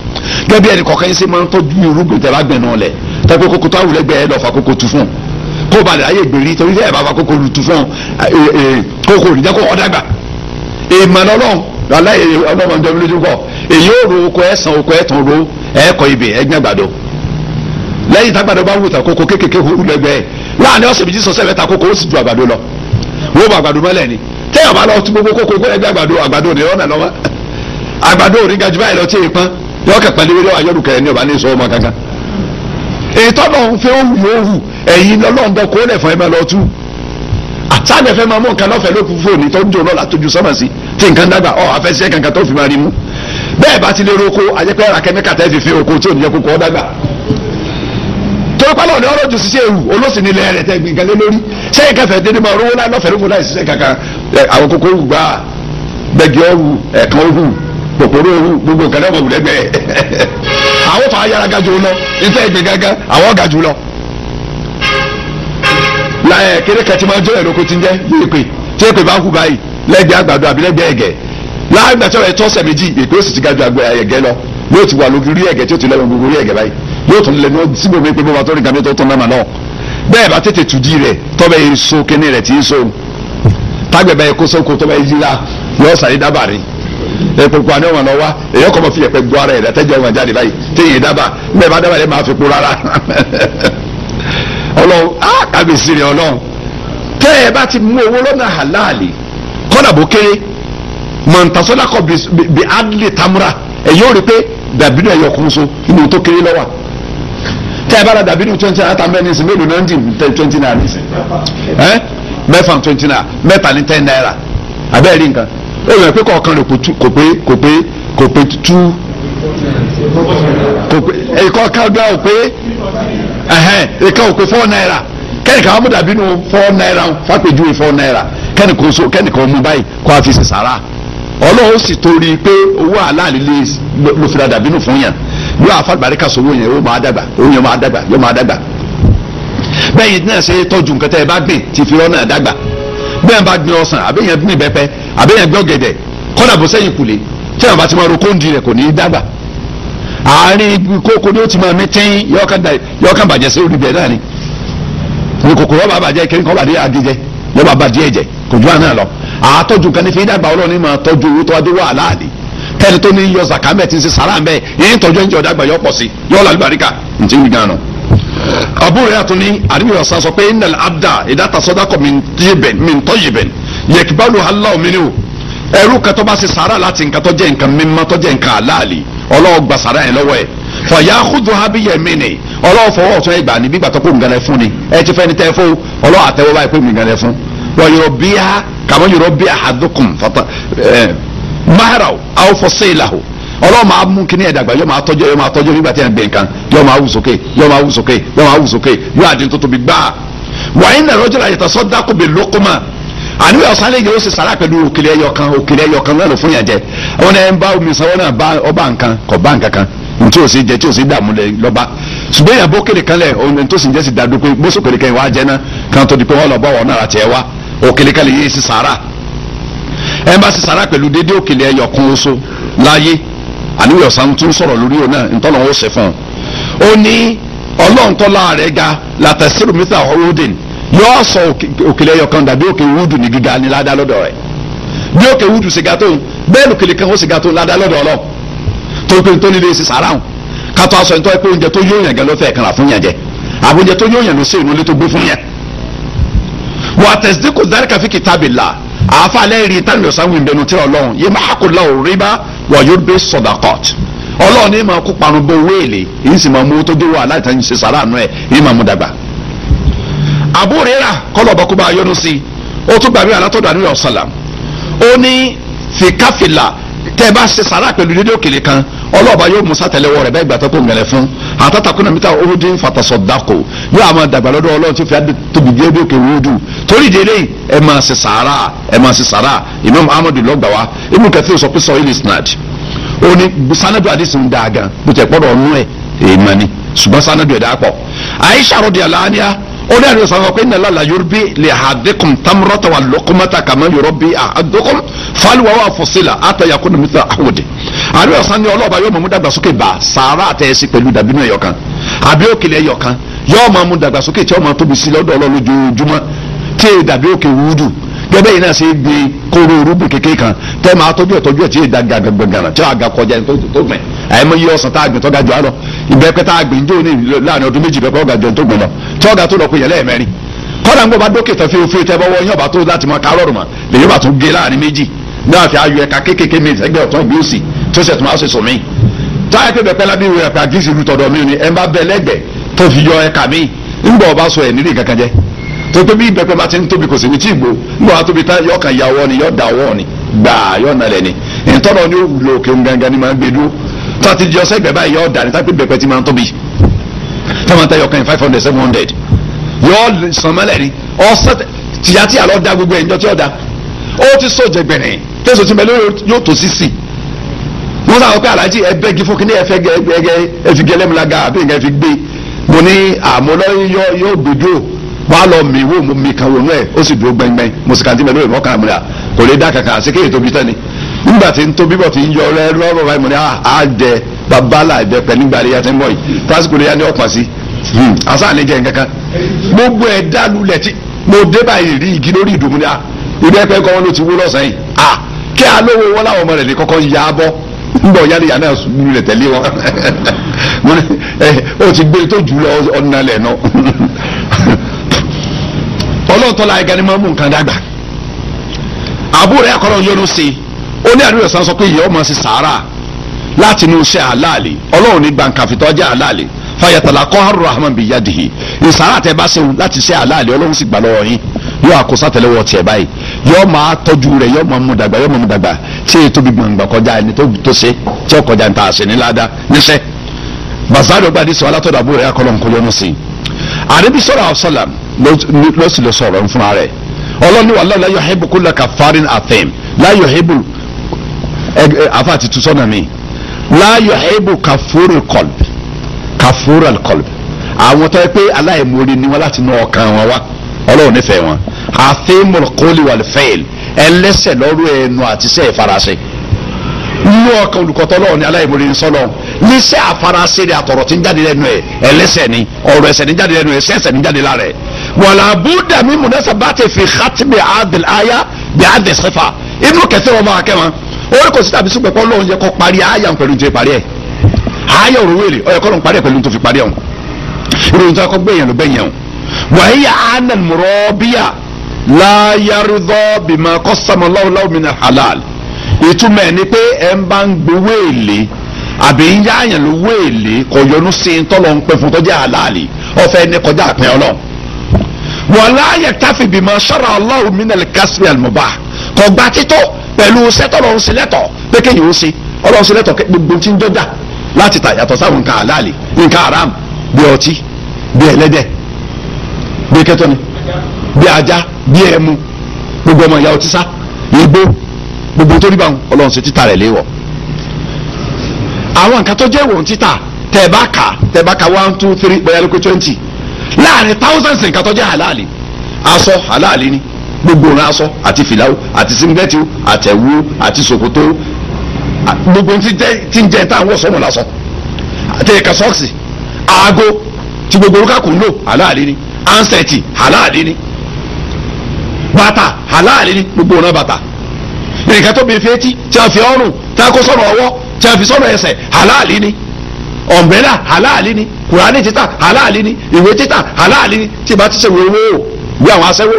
gẹ́gẹ́ bí ẹni kọ̀ọ̀kan yín ṣe máa ń tọ́jú irúgbìn tẹ́lá gbẹ̀ náà tẹ́kọ̀ kókó tó àwùlẹ̀ gbẹ ẹ lọ fà kókó tu fún kó o balẹ̀ ayé gbèrí torí ẹ bá fà kókó lu tu fún e, e, kókó rìn jẹ́ kó ọ dàgbà èèmọ̀ ọlọ́run aláyè ọlọ́run ọjọ́ lójú kọ èyí ò ro oko ẹ san oko ẹ tàn ro ẹ kọ ibè ẹ gbẹ́ àgbàdo lẹ́yìn tágbàdo bá wù tà kókó kékèké wúlẹ̀ gbẹ láàrin ọ̀sẹ̀ méjì sọ sẹ́fẹ̀ẹ́ ta kókó ó sì ju àgbàdo lọ wọ́n bọ àgbàdo mọ́lẹ̀ ni tẹ́yọ̀ bá lọ tún gbogbo kókó ẹgbẹ́ àgbàdo àgbàdo ò ọ̀nà lọ́wọ́ àgbàdo ò ní gajubáyé lọ tí èèpán yọ̀ọ́kẹ̀ pẹ̀lú ilé ayọ́dúnkẹ́ ni ọba ní sọ ọmọ kankan ètò ọlọ́run fẹ́ òwú òwú ẹ̀yin lọ́lọ́run dán kó lẹ̀ fún ẹ máa lọ tú àtàlẹ̀ fẹ́ máa mú nǹkan lọ́fẹ̀ẹ́ ló kú fóònù tó ń jò lọ́la tójú sọ́mọ̀ sí tí nǹkan dàgbà ọ àfẹsẹ̀ kankan tó fi máa rí mú bẹ́ẹ̀ bá ti lè roko àjẹpẹ́ ara kẹ́míkà tẹ́ fi fi oko tí ò ní yẹ kókó ọ dàgbà torí pálọ̀ ní ọlọ́jù ṣiṣẹ́ ewu olóṣìn ilẹ̀ rẹ̀ tẹ́ gbìngàn lé lórí sẹ́yìn kẹfẹ́ dédé máa rówó láì lọ́fẹ̀ẹ́ lóko láì ṣiṣẹ́ kankan àwọn kókó wù gbà bẹ́ẹ̀ gẹ́ ọ̀rù ẹ̀ẹ̀kan ọ̀rù kòkòrò gbogbo nǹkan náà kò lẹ́gbẹ̀ẹ́ àwọn fà á yára ga jù lọ iṣẹ́ ìgbìn gángan àwọn ga jù lọ. láyé kéré kẹtì máa ń jẹ́ ẹ̀rọ kó ti ń jẹ́ yéèpè tí èpè bá kú báyìí lẹ́gbẹ̀ẹ́ àgbàdo àbí lẹ́gbẹ̀ẹ́ ẹ̀gẹ́ láàrin gbàtí ọ̀rẹ́ tó ọ̀sẹ̀ méjì èpè ó sì ti ga ju àgbẹ̀ ẹ̀gẹ́ lọ yóò ti wà lórí ẹ̀gẹ́ tí ó ti lẹ́nu gbogbo orí ẹ̀gẹ́ báyìí yóò tún lẹ́nu síbi omi pé bọ́ba tó ní gàmí tó tún náà náà bẹ́ẹ̀ bá tètè tùdí rẹ̀ tọ́bẹ̀ yìí so kíní rẹ̀ tí ń so tágbẹ̀ bá epopo àná wọn lọ wá èyàn kọ́ mọ fi ẹ̀pẹ́ gbọ́ ara ẹ̀ e látẹ́jọ́ wọn jáde báyìí téèyàn dábàá bẹ́ẹ̀ bá dábàá yẹn máa fi kú rárá ọlọ́run á kábíyèsí rẹ̀ ọlọ́run tẹ́ ẹ bá ti mú owó lọ́nà halali kọ́nà bó kéré mọ̀ntàsọ́dàkọ̀ bí adlé tamura ẹ̀yìn ò rí pé dàbínú ẹ̀yọ̀ kún so inú tó kéré lọ́wọ́ tẹ́ ẹ bá ra dàbínú twenty naira tàbí ẹni sìn mélòó twenty naira nìsín mẹ́fà twenty naira mẹ́ta ní naira àbẹ́ẹ̀rí nǹkan ó yẹ pé kọ̀ọ̀kan rẹ̀ kò pé kò pé kò pé tú kò pé ẹ̀kọ́ kádà ò pé ẹ̀hẹ́n ẹ̀ka ò pé four naira kẹ́nìkan amúdà bínú four naira fàpèjúwe four naira kẹ́nìkan so kẹ́nìkan mú báyìí kó a fi ṣe sàrà ọlọ́run sì torí pé owó àlàálí ló fi dàbí nù fún yàn yóò àfàgbàríkà sọ̀rọ̀ yẹn yóò máa dàgbà òun yẹn máa dàgbà yóò máa dàgbà bẹ́ẹ̀ yìí náà ṣe tọ́jú nǹkan tẹ́ ẹ bá gbìn ti fi rọ́nà dàgbà bẹ́ẹ̀ bá gbìn ọsàn àbí yẹn gbìn bẹ́pẹ́ àbẹ́yẹn gbẹ́ ọ̀gẹ̀dẹ̀ kọ́dà bó sẹ́yìn kùlé tí àwọn bá ti máa ro kóńdì rẹ̀ kò ní í dàgbà àárín kókó ni ó ti máa mí tẹ́yìn yọ̀ọ́kàn bàjẹ́ sí orí bẹ̀rẹ̀ náà ni ní kòkòrò ọba àbàjẹ́ kiri kọ́ bàdé àdìjẹ yọba bàdé ẹ̀jẹ̀ kò ju àná lọ àtọ́jú kan ní fi dàgbà ọlọ́ọ̀ni máa tọ́jú owó tó wá dé wàhálà àlè tẹ́ni tó ní yọ zaka mẹ́ẹ̀ tí sàrà mẹ́ẹ̀ yìí tọ́jú ẹ̀jẹ̀ ọ̀dàgbà yọ pọ̀ sí yọ làlùbáríkà ntí wí gan-an. àbúrò yàtọ̀ ní àdìmọ̀ sá pé innal yẹkibalu aláwọ mi ni o ẹrú kan tó bá ṣe sàrà láti nǹkan tó jẹ́ nǹkan mímọ́ tó jẹ́ nǹkan àlàálì Ọlọ́run gba sàrà yẹn lọ́wọ́ ẹ̀ fọyà kúndùn abiyẹ mi ni Ọlọ́run fọwọ́ ọ̀tún ẹ̀ gbà níbi ìgbà tó kó nǹkan lẹ fún ni ẹ ti fẹ́ ni tẹ́ fún Ọlọ́run àtẹwọ́ báyìí pé nǹkan lẹ fún wọ́n yọrọ bíyà kàmọ́ yọrọ bíyà àdókùn fata ẹ̀ maharaw aw fasilahu Ọlọ́run máa mú kíní ẹ̀ dàgbà yọ máa tọ́jú yọ máa tọ́jú nígbà tí ẹ̀ ń gbé nǹkan yọ máa wù yọ máa àníwé ọ̀sán lè yóò ṣe sàrà pẹ̀lú òkèlè ẹyọ kan òkèlè ẹyọ kan lọ́nà fún yàn jẹ ọ̀nà ẹ̀ ń bá omi sanwó náà bá ọba nǹkan kọ̀ bá nǹkan kan ntí o sì jẹ tí o sì dààmú lẹ lọba ṣùgbọ́n ìyàbọ̀ òkèlè kan lẹ̀ ọ̀nà tó sì jẹ́ sì dàdú pé bóṣù òkèlè kan wá jẹ náà kan tó di pé wọ́n lọ bọ̀ wọ́n náà tiẹ̀ wá òkèlè kan lè yé sí sàrà ẹ̀ ń bá sí sàrà pẹ̀lú dédé òkèlè ẹyọ kan oṣù láyé àníwé ọ̀sán tún sọ̀rọ̀ lórí òun náà ntọ́nà ó ṣe fún un ó ní ọlọ́run rẹ̀ ga látàsírù mítà ọ̀rọ̀dìn yóò sọ òkèlè ẹyọ kan dàbí òkè wúdù ní gíga ní ládàá lọ́dọ̀ rẹ̀ bí òkè wúdù sìgá tó bẹ́ẹ̀ lòkèlè kan ó sìgá tó ládàá lọ́dọ̀ ọlọ́ tó pé nítorí lè ṣe sàrà hàn kátó aṣọ ìtọ́ pé oúnjẹ tó yóò yàn gẹ́ ló fẹ́ kàrà fún yàn jẹ àbújẹ tó yóò yàn ló ṣe ìnú lé tó gbé fún yàn. wà á tẹ̀sí kò dárí káfí kitabillah àáfàá lẹ́rìí táwọn ìlọsàn rí bá wà Abu Hurairah kọlọ̀bọ̀ kó bá a yọnu sí ó tún gbàmí alátọ́dọ̀ àníyàn sàlám ó ní fìkàfìlà tẹ bá ṣe sàrà pẹ̀lú dédé òkèlè kan ọlọ́ọ̀bá yóò mú sátẹ̀lẹ́wọ́ rẹ̀ bẹ́ẹ̀ gbàtọ́ kó mẹ̀rẹ̀ fún àtàtàkùn náà mítà ohun fatasọ̀ dako yóò àmọ́ dàgbà lọ́dọ̀ ọlọ́run tí fi tóbi bí ebí òkè wúdù torí délé ẹ máa ṣe sàrà ẹ máa ṣe sàrà Imam Ahmad lọ́gbà wa Ibn Kathir sọ pé sọ ilé snad ó ní sanadu hadith ń dáa gan bó tẹ̀ pọ́dọ̀ ọ̀nú ẹ̀ èèmọ̀ ṣùgbọ́n sanadu ẹ̀ dáa pọ̀ Aisha rọ̀dì àlàáníà orí àná sọ̀rọ̀ pé nàlá la yorùbá lè ha dẹ́kun tamurata wa lọ́kọ́mọ́ta kàmá yorùbá a dọ́kọ́m faliwa wa fọ́sílà àtàyà kó nàmi ta àwòdì. àná ọ̀sán ni ọlọ́ọ̀bá yóò mọ̀ mú dàgbàsókè bá sàárà àtẹ̀yẹsí pẹ̀lú dàbínú ẹ̀yọ̀ kan àbí òkèlè yóò mọ̀ mú tí ó máa tóbi sí lọ́dọ̀ ọlọ́ọ̀lójoojúmọ́ tí èdè àbí òkè gẹ́gẹ́ yìí náà ṣe di kóró orúbì kékeré kan tẹ́ máa tọ́jú ẹ̀ tọ́jú ẹ̀ tí yé da gàgàgàgàrà tí wàá ga kọjá ẹni tó gbìn àyẹ̀mọ́ yí ọ̀sán tá a gbìn tó ga jù á lọ ìbẹ́pẹ́ tá a gbìn jó ní láàrin ọdún méjì bẹ́ẹ̀ kọ́ ga jù ẹni tó gbìn lọ tí ọ̀gá tó lọ kó yẹ lẹ́ẹ̀mẹ́rin kọ́dà ń gbọ́ bá dókè tán fífi tẹ́ bọ́wọ́ yín ọ̀bá tó láti mọ kárọ̀rùn mọ́ lèyìn bá tó gé láàrin méjì náà fi ayọ̀ ẹ̀ka kéékèèké mi ẹgbẹ́ ọ̀tún ìgbé òsì tí ó tún máa ṣe sùn táyà pé bẹ̀pẹ́ lábí ìwé ẹ̀ka gíìsì rú tọ̀dọ̀ mi ni ẹ̀ ń bá bẹ lẹ́gbẹ̀ẹ́ tó fi yọ ẹ̀ka mi ń gbọ́ ọba sọ ẹ̀ nílé kankan jẹ́ tó tóbi ìbẹ́pẹ́ bá ti ń tóbi kò sí ní tí ìgbò ńgbọ́n wa tóbi tán yọ kàn yà wọ́ ni yọ dà wọ́ ni gbà yọ nàlẹ́ ni ìtọ́nà ni ó lo òkè gangan ni máa ń gbé dúró tó a ti di ọsẹ ìgbẹ́ báyìí yọ dà ní tápé ìbẹ́pẹ́ ti máa ń tóbi táwọn tẹ yọ kàn five hundred seven hundred yọ sàn mọ́lẹ̀ ni ọsẹ tìyà tí àlọ́ da gbogbo ẹ̀yìn tí ó da ó ti sọ jẹgbẹ̀rẹ̀ tẹ̀sán ti mẹ́lẹ́ yóò tó sí sí wọ́n sábà pé aláàjì ẹbẹ́ gí fún kíní ẹ̀fẹ́ gẹ́gẹ́ wà á lọ mi wo mo mi kan wo nù ẹ ó sì dúró gbẹngbẹng mo sì kàn mẹ lórí ọkàn mi rà kò lè dá kankan àti kéye tóbi nígbà tí tóbi bọ̀ tí yọ rẹ lọ́rọ̀ báyìí mo ní à jẹ babalà ẹ̀jẹ̀ pẹ̀ nígbà yàtí gbogbo ẹ̀ tí mo dé báyìí rí igi lórí ìdùnnú ni a kọ́ wọn ló ti lọ́sàn ọlọ́run tọ́lá ẹ̀gá ni máa mú nǹkan dàgbà àbúrò ẹ̀ kọ́lọ́ yọnu sí i ó ní àdúrà sàn sọ pé ìyá ọmọ sí sàárà láti inú iṣẹ́ àlàálẹ̀ ọlọ́run ní gbàǹkàfìtọ́ jẹ́ àlàálẹ̀ fàyàtàlà kọ́ àrùn rahman bíi yadìhì ìsàárà tẹ bá ṣeun láti iṣẹ́ àlàálẹ̀ ọlọ́run sì gbà lọ́wọ́ yín yóò àkóso àtẹlẹwọ tiẹ̀ báyìí yóò máa tọ́jú rẹ̀ yóò máa mú dàgbà yóò máa mú dàgbà tí èyí tóbi gbàngbà kọjá ẹni tó tó ṣe tí ó kọjá ní ta àṣẹ ní ládàá níṣẹ́ bàzáàdì ọgbà àdìsí wa látọ̀dọ̀ àbúrò rẹ̀ akọlọ̀ nkọlọ́nù sí i àdébí sọ̀rọ̀ àṣàlà ló sì lọ sọ̀rọ̀ fúnra rẹ̀ ọlọ́ni wà láyọ̀ láyọ̀ kúlẹ̀ kàfárín àfẹ́m láyọ̀ hebo afa ti tún sọ́nà mi láyọ̀ hebo kàfóró kọlb kàfóró kọlb àwọn tó yẹ pé aláìmoore ni wọn láti ná ọkàn wọn wá ọlọ́run nífẹ̀ẹ́ wọn àfẹ́mọ̀lkọ́lì wàlfẹ́ẹ̀l ẹlẹ́sẹ̀ lọ́rọ̀ ẹnu àtisẹ́ ìfarasẹ́ nínú ọkàn olùkọ́tọ́ lọ́wọ́ ni aláìmọ̀rẹ́ ń sọ́lọ́ níṣẹ́ àfarasẹ́ ni àtọ̀rọ̀ ti ń jáde lẹ́nu ẹ̀ ẹlẹ́sẹ̀ ni ọ̀rọ̀ ẹ̀sẹ̀ ni jáde lẹ́nu ẹ̀ ẹ̀sẹ̀ ẹ̀sẹ̀ ni jáde lára ẹ̀. wàlá búdà mi múnẹ́sà bá ti fi hátìmí adìl aya bí adìl sefa inú kẹsẹ̀ wọn máa kẹ́ wọn orí kò sí tàbí sùpẹ̀ kọ́ lóun yẹ kọ́ parí aya ń pẹ̀lú parí ẹ̀ aya òrò wẹ̀lẹ̀ ọ̀yẹ̀ kọ́ parí ẹ̀ pẹ̀lú tó fi parí ọ̀hún ìròyìn tó kọ́ gbẹ̀yẹ̀ ló bẹ̀yẹ̀ ọ̀hún ìtumọ̀ ẹ̀ ni pé ẹ̀ ń bá ń gbowó èlé àbí ń yáàyàn lówó èlé kò yọnu sí ń tọ́lọ̀ ń pẹ́ fún tọ́jú àlàálì ọ̀fẹ́ ní kọjá àpẹ́ ọlọ́run. wọ́lá yẹ káfí bímọ sọ́ra ọlọ́run mi nàlẹ́ kásìrì àlùmọ́bà kò gba títọ́ pẹ̀lú sẹ́tọ̀lọ́run sí lẹ́tọ̀ pé kéèyàn ó sí ọlọ́run sí lẹ́tọ̀ gbogbo tí ń dọ́jà láti tà yàtọ̀ sáwọn nǹkan àlàálì nǹkan haram bí ọtí bí ẹlẹ́dẹ̀ bí kẹtọ́ni bí ajá bí ẹmu gbogbo ọmọ gbogbo tó rí bá ọlọ́run ṣe títà rẹ̀ léwọ̀ àwọn nǹkan tó jẹ́ ìwọ̀n títà tẹ̀ bá kà tẹ̀ bá kà one two three bóyá ló twenty láàrin thousands nǹkan tó jẹ́ halali aṣọ halali ni gbogbo ọ̀ràn aṣọ àti fìlàwó àti singlet àtẹ̀wó àti ṣòkòtò gbogbo tí ń jẹ́ táwọn ọ̀sán wọn lásán àti ẹ̀ka sọ́ọ̀sì aago tí gbogbo orúkà kò ń lò halali ni ansẹ̀tì halali ni bàtà halali ni gbogbo ọ̀ràn bàtà obìnrin kan tó bìnrin fetí tí a fi ọrùn tí a kó sọ̀rọ̀ ọwọ́ tí a fi sọ̀rọ̀ ẹsẹ̀ halali ni ọ̀mbrẹ́là halali ni kùránì títà halali ni ìwé títà halali ni tí ìbá ti ṣe wéwó wí àwọn aṣẹ́wó.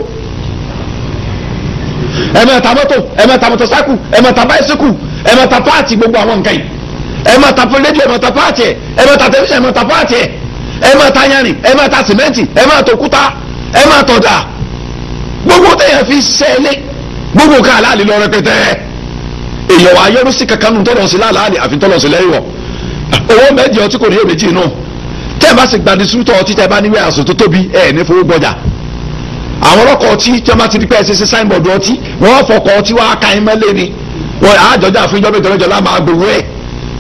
ẹ máa ta mọ́tò ẹ máa ta mọ́tòsákù ẹ máa ta báísíkù ẹ máa ta páàtì gbogbo àwọn nǹkan yìí ẹ máa ta rédíò ẹ máa ta páàtì ẹ ẹ máa ta tẹlifíṣàn ẹ páàtì ẹ ẹ yanrìn ẹ máa ta sìmẹ́ǹtì ẹ máa gbogbo tẹ̀yàn fi ṣẹlẹ̀ gbogbo nǹkan aláàlì lọ rẹpẹtẹ èèyàn wa ayọ́rú sí kankan nù tọ́lọ̀ sí láàlì àfi tọ́lọ̀ sí lẹ́yìn wọ̀ owó mẹ́jẹ ọtí kò ní èméjì náà tẹ́ ẹ bá sì gba distributọ̀ ọtí tẹ́ ẹ bá níwẹ̀ àsùn tó tóbi ẹ̀ ní fowó gbọ́jà àwọn ọlọ́kọ̀ ọtí tí wọ́n bá ti di pẹ́ ṣe ṣe signboard ọtí wọ́n fọkọ̀ ọtí wọ́n á ka ẹ̀mẹ́ lé ni wọ́n àjọjà fún ìjọba ìjọba ìjọba máa gbòòrò ẹ̀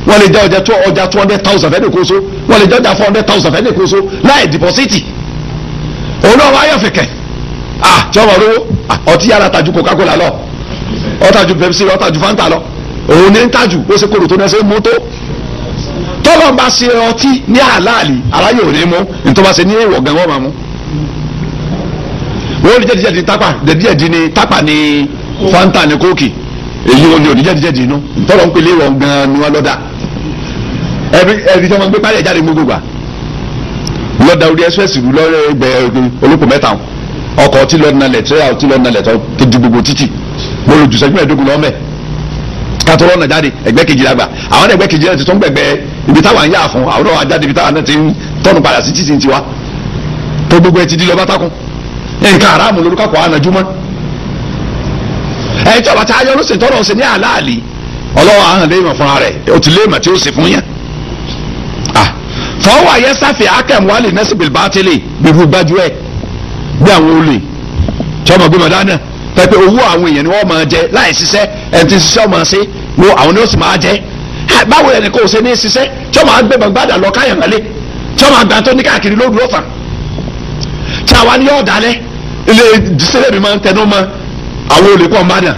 wọ́n lè jẹ́ ọjà tó ọjà two hundred thousand fẹ́ẹ́ nìkóso wọ́n lè jẹ́ ọjà four hundred thousand fẹ́ẹ́ nìkóso láì dìpọ́sìtì òun náà wáyọ̀ fẹ̀kẹ̀ ah jọmọ rówó ah, ọtí yàrá tàjú coca-cola lọ ọtàjú pepsi ọtàjú fanta lọ òun ní tàjú ó ṣe kóró tó náà ṣe mú tó tọ́lọ́ bá ṣe ọtí ní àlàálì aráyè ò ní mú nítorí wọ́n ṣe ní ìwọ̀ gan wọ́n máa mú wọ́n ní jẹ́díjẹ́dí tápà jẹ́díjẹ́dí ni tápà ni fanta ni kóòkì èyí ò ní òní jẹ́díjẹ́dí inú tọ́lọ́ ń pè léwọ̀ gan ni wọ́n lọ́dà ẹbí ẹbí tí wọ́n gbé pálẹ̀ jáde gbogbo gbà lọ́dà orí ẹsẹ̀ sì lọ́rẹ́ ẹgbẹ́ olóko mẹ́ta wọn ọkọ̀ tí lọ nalẹ̀ tẹ́lẹ̀ àwọn tí lọ nalẹ̀ tó ti di gbogbo títì mo lò jùsẹ̀ gbẹ̀ẹ́dógún lọ́mẹ̀ kátó lọ́nà jáde ẹgbẹ́ kejì la gbà àwọn ẹgbẹ́ kejì náà ti tún gbẹgbẹ ibi táwa ń yà fún àwọn náà wà jáde ibi táwa náà ti ń tọ́nu padà sí títì tiwa tó gbogbo ẹ ti di lọ bá takùn nǹkan aráàmù lórúkọ àkọ́ ànájú mọ́ ẹ̀ tí ọba tí ayọ́ ló sì tọ́lọ́ sí ní àlàálì ọlọ́wọ́ àhàn lè mọ̀ fúnra rẹ̀ ó ti lè mọ̀ tí ó sì fún yẹn fọwọ́ àyẹ́sàfẹ́ akẹ́mùwálì nẹ́sìbìlì bá tẹ́lẹ̀ gbogbo gbájú ẹ̀ bí àwọn olè tí ọmọ gbé mọ̀dánà pẹpẹ owó àwọn èèyàn ni wọ́n máa jẹ láì ṣiṣẹ́ ẹni tí ṣiṣẹ́ ọmọ ṣe ni àwọn ni ó sì máa jẹ báwo ẹni kò ṣe ní ṣiṣẹ́ tí ọmọ àgbẹ̀ gbàgbàdà lọ káyọ̀ mọ́lẹ̀ tí ọmọ àgbà tó ní káàkiri lóru lọ́fà tí àwa ni yóò dalẹ̀ ilé ìdísẹ́lẹ̀ mi máa ń tẹnu mọ́ àwọn olè pọ̀ mọ́dà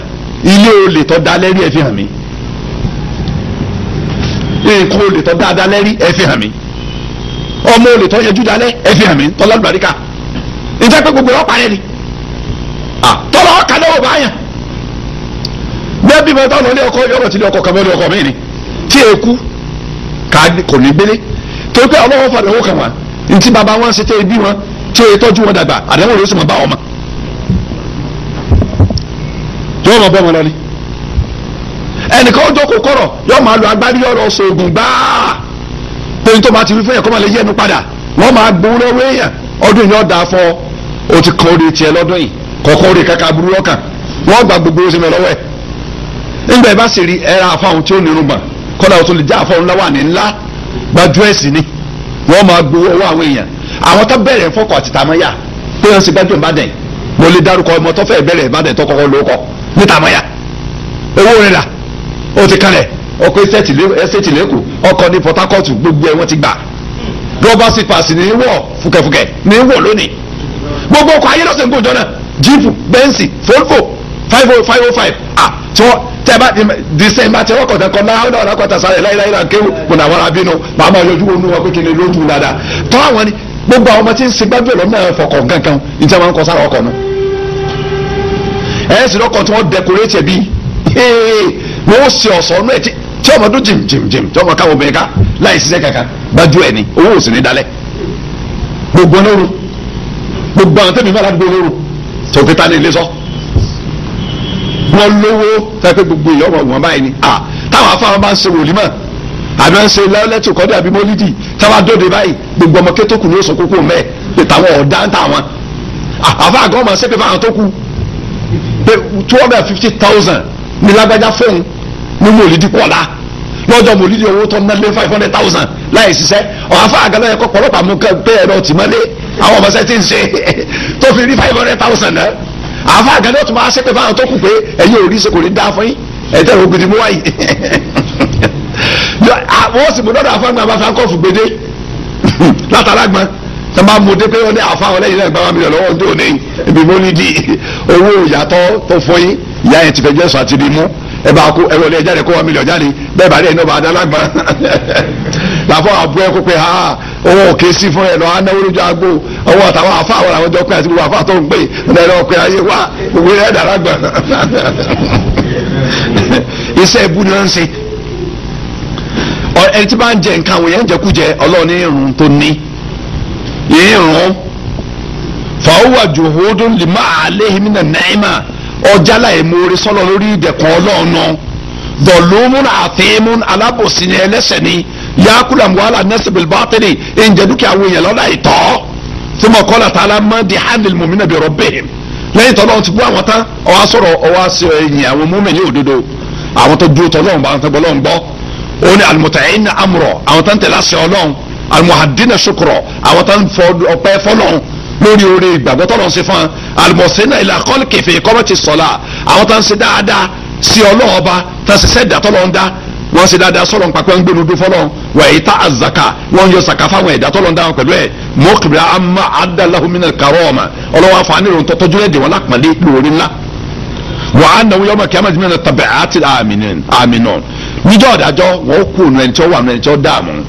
ilé olè tó dalẹ̀ rí ẹ fi hàn mí nǹkan olè tó dáadáa lẹ́rí ẹ fi hàn mí ọmọ olè tó yẹjú dalẹ̀ ẹ fi hàn mí tọ́lá nítorí pé gbogbo ọ̀pá rẹ ni ah. tọ́lọ̀ ọ̀kà lọ́wọ́ báyà bẹ́ẹ̀ bí mo bá lọ ilé ọkọ yọ̀rọ̀ tí ilé ọkọ kàmọ́ ilé ọkọ mi ni tí e kú kò ní gbélé torí pé ọlọ́wọ́ fàdé owó kan wá ntí bàbá wọn ṣe tẹ́ ibi wọn tí e tọ́jú wọn dàgbà àdéhùn ló sì máa bá wọn mọ́ yóò máa bọ́ wọn lọ ni ẹnìkan ó jókòó kọ̀rọ̀ yóò máa lo agbárí ọ̀rọ̀ ṣoògùn gbáà pé n tó bá ti wí fún yẹn kó máa lè yẹnu padà wọ́n máa gbowó lọ́wọ́ èèyàn ọdún yóò dáa fọ́ o ti kan orí tiẹ̀ lọ́dún yìí kọ̀ọ̀kan orí kaka burú lọ́kàn wọ́n gba gbogbo oṣù mi lọ́wọ́ ẹ̀ nígbà yìí bá sì rí ẹ̀rọ afáhùn tí ó nírun gbà kọ́lá òtún lè jẹ́ afáhùn ńlá wà ní ńlá gbajú ẹ̀sìn ni wọ́n máa gbowó ọwọ́ àwọn èèyàn àwọn tó bẹ̀rẹ̀ fọ́kọ̀ àti tàmáyà pé wọ́n sì gbájú ìbàdàn mo lè dárúkọ ọmọ tó fẹ́ bẹ̀rẹ̀ ìbàdàn tó kọ́kọ́ ló kọ́ ní tàmáyà owó rẹ̀ là ó ti kalẹ̀ ọkọ̀ ẹsẹ̀tì lẹ́kọ̀ọ́ ọkọ̀ ní Port Harcourt gbogbo ẹ̀ wọ́n ti gbà rọ́bà sípàsì ní wọ̀ fúkẹ́fúkẹ́ ní wọ̀ lónìí gbogbo ọkọ̀ ayé lọ́sẹ̀ ń gbòjọ́ náà jíìpù bẹ́ǹsì fólfò five oh five oh five ah tí wọ́n tẹ́ bá december tí wọ́n kọ̀tẹ́ kọ́ náà náà lákọ̀tà sáré láyéláyé náà kéwù mo nà wọ́n ra bínú màá máa yọjú wọnú wọn pé kí ni lójú dáadáa tọ́ àwọn ni gbogbo àwọn ọmọ tí ń ṣe gbájú ẹ̀ lọ́nà fọkọ̀ gangan ní tí wọ́n kọ sára ọkọ̀ náà ẹ̀ sì lọ́kọ̀ tí wọ́n decorate bí wọ́n ó ṣe ọ̀sán náà tí ọmọ dún jìm jìm jìm tí ọmọ káwọn obìnrin ká láì ṣiṣẹ́ kankan gbájú ẹ̀ ni owó òsì ní dalẹ̀ gbogbo náà gbogbo àwọn tẹ̀mí mẹ́ta gbogbo lóru sọ̀kẹ́ta ní ilé sọ. wọ́n lówó fẹ́ẹ́ pé gbogbo ìyá ọmọ wọn báyìí ni à táwọn afáwọn bá ń ṣe wòlímọ̀ àbí wọ́n ń ṣe lẹ́tò kọ́dé àbí mọ́lídì táwọn dóde báyìí gbogbo ọmọ kétókù ní oṣù kókó mẹ́ẹ̀ pé táwọn ọ̀dá ń táwọn àfa àgọ́ ọmọ ṣépè fáwọn tó kù pé two hundred and fifty thousand ní lágbájá fóun ní mòlídì pọ̀lá lọ́jọ́ mòlídì owó tó ná lé five hundred thousand láì ṣiṣẹ́ ọ̀háfà àgàlẹ́ ẹ̀kọ́ pọ̀lọ́pàá mú kẹ́ ẹ̀rọ tìmọ́lé àwọn ọmọ sẹ́tì ń ṣe tó fi rí five hundred thousand náà eh? àfa àgàdo tó máa ṣépè báwọn tó kù pé ẹ̀yin ò rí ṣe kò ní dáa fún yín ẹ̀tẹ́ ò gidi mú wáyé wọ́n sì mú lọ́dọ̀ àfa gbọ́n àbáfẹ́ akọ́fù gbèdé látara gbọ́n tó máa mú dé pé wọ́n ní àfa ọlẹ́yìn náà gbàmọ́ mílíọ̀nù lọ́wọ́ tó ní ibi mo ní di owó ìyàtọ̀ tó fún yín ìyá yẹn ti fẹ́ jẹ́sọ̀ àti ibi mú ẹ bá kó ẹ wọlé ẹ jáde kó wọn mílíọ̀nù jáde bẹ́ẹ̀ bá rí ẹ̀ bá dá lágbọ́n làbọ̀ àbú ẹ̀kọ́ pé ha owó òkè sí fún ẹ̀ lọ anáwó lójú owó àtàwọn afá àwọn ọjọ́ pé àti gbogbo afá tó ń gbé ẹ̀ lọ pé ayé wá gbogbo ẹ̀ dára gbà. iṣẹ́ ibú ni wọ́n ń ṣe ẹni tí bá ń jẹ nǹkan àwọn èèyàn jẹkújẹ ọlọ́run ní irun tó ní irun fàáwà lè má àléhìn ọjà láì mórí sọlọ lórí ọlọ́run náà dọ̀lómùn yakula muhala nasibili batili ìjẹ dúkìá wo yẹn lọ́la ìtọ́ tí mo kọ́ la ta la mọ́ di hanil mumina bi rabbihim lẹ́yìn tọ́lọ́ ti bú àwọn tán ọwọ́ asọ̀rọ̀ ọwọ́ asọ̀ ẹ̀yìn àwọn mọ́mẹ́ni òdodo àwọn tó dúró tọ́lọ́ ọ̀gbọ́n tó gbọ́lọ́ ọ̀gbọ́ òun ni alimutayina amurọ àwọn tó ń tẹ̀lé àṣẹ ọlọ́run alimuhadina sukurọ àwọn tó ń fọ ọpẹ́ fọlọ́run lórí oore ìgbàgbọ́ tọ́lọ́ ṣe fún alimọ̀sẹ́nà ilà kọ́lì kẹfẹ́ kọ́mẹ́tì sọ̀la àwọn tó ń ṣe dáadáa sí ọlọ́ọ̀ba tó ń ṣiṣẹ́ dàtọ́lọ́ ń dá wọ́n ṣe dáadáa sọ̀rọ̀ nípa pé wọ́n ń gbénu dún fọlọ́ wà yìí tá a zaka wọ́n yọ saka fáwọn ẹ̀dá tọ́lọ̀ ń dáhùn pẹ̀lú ẹ̀ mọ́kìlá ama adalahumina karọ́ọ̀mà ọlọ́wọ́ afaani rò ń tọ́jú lẹ́dẹ̀ wọn lápàlẹ́ lórí ńlá wà á nàwó yọmọ kí a máa ti mìíràn tàbí àti níjọ́ ọ̀dájọ́ wọ́n kú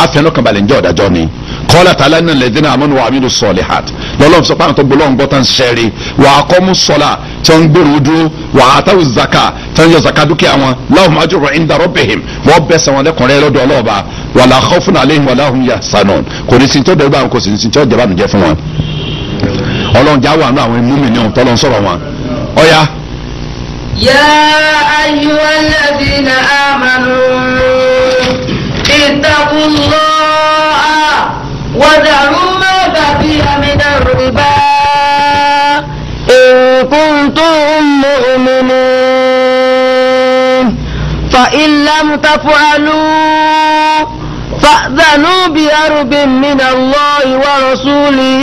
àfẹnukànbalẹ̀ ǹjẹ́ ọ̀dàjọ́ ni kọ́lá tààlà náà lẹ́dínà àmọ́nù wa amínú sọ̀lẹ̀ hàt lọ́lọ́run sọ páwọn tó gbọ́ lọ́wọ́n gbọ́tàn sẹ́rí wà á kọ́ mú sọ́lá tí wọ́n ń gbèrú dúró wà á táwọn zaka tí wọ́n yọ zaka dúkìá wọn láwọn máa jọrọ ẹ̀ńdà rọ́bìhìm wọ́n bẹ́ sẹ́wọ̀n lẹ́kùnrin lọ́dọ̀ ọlọ́ọ̀ba wà lá khawfun alayhim wà láhùn yà fún wọn. ọlọ́run já wà
nù اتقوا الله وذروا ما بقي من الربا إن كنتم مؤمنين فإن لم تفعلوا فأذنوا بأرب من الله ورسوله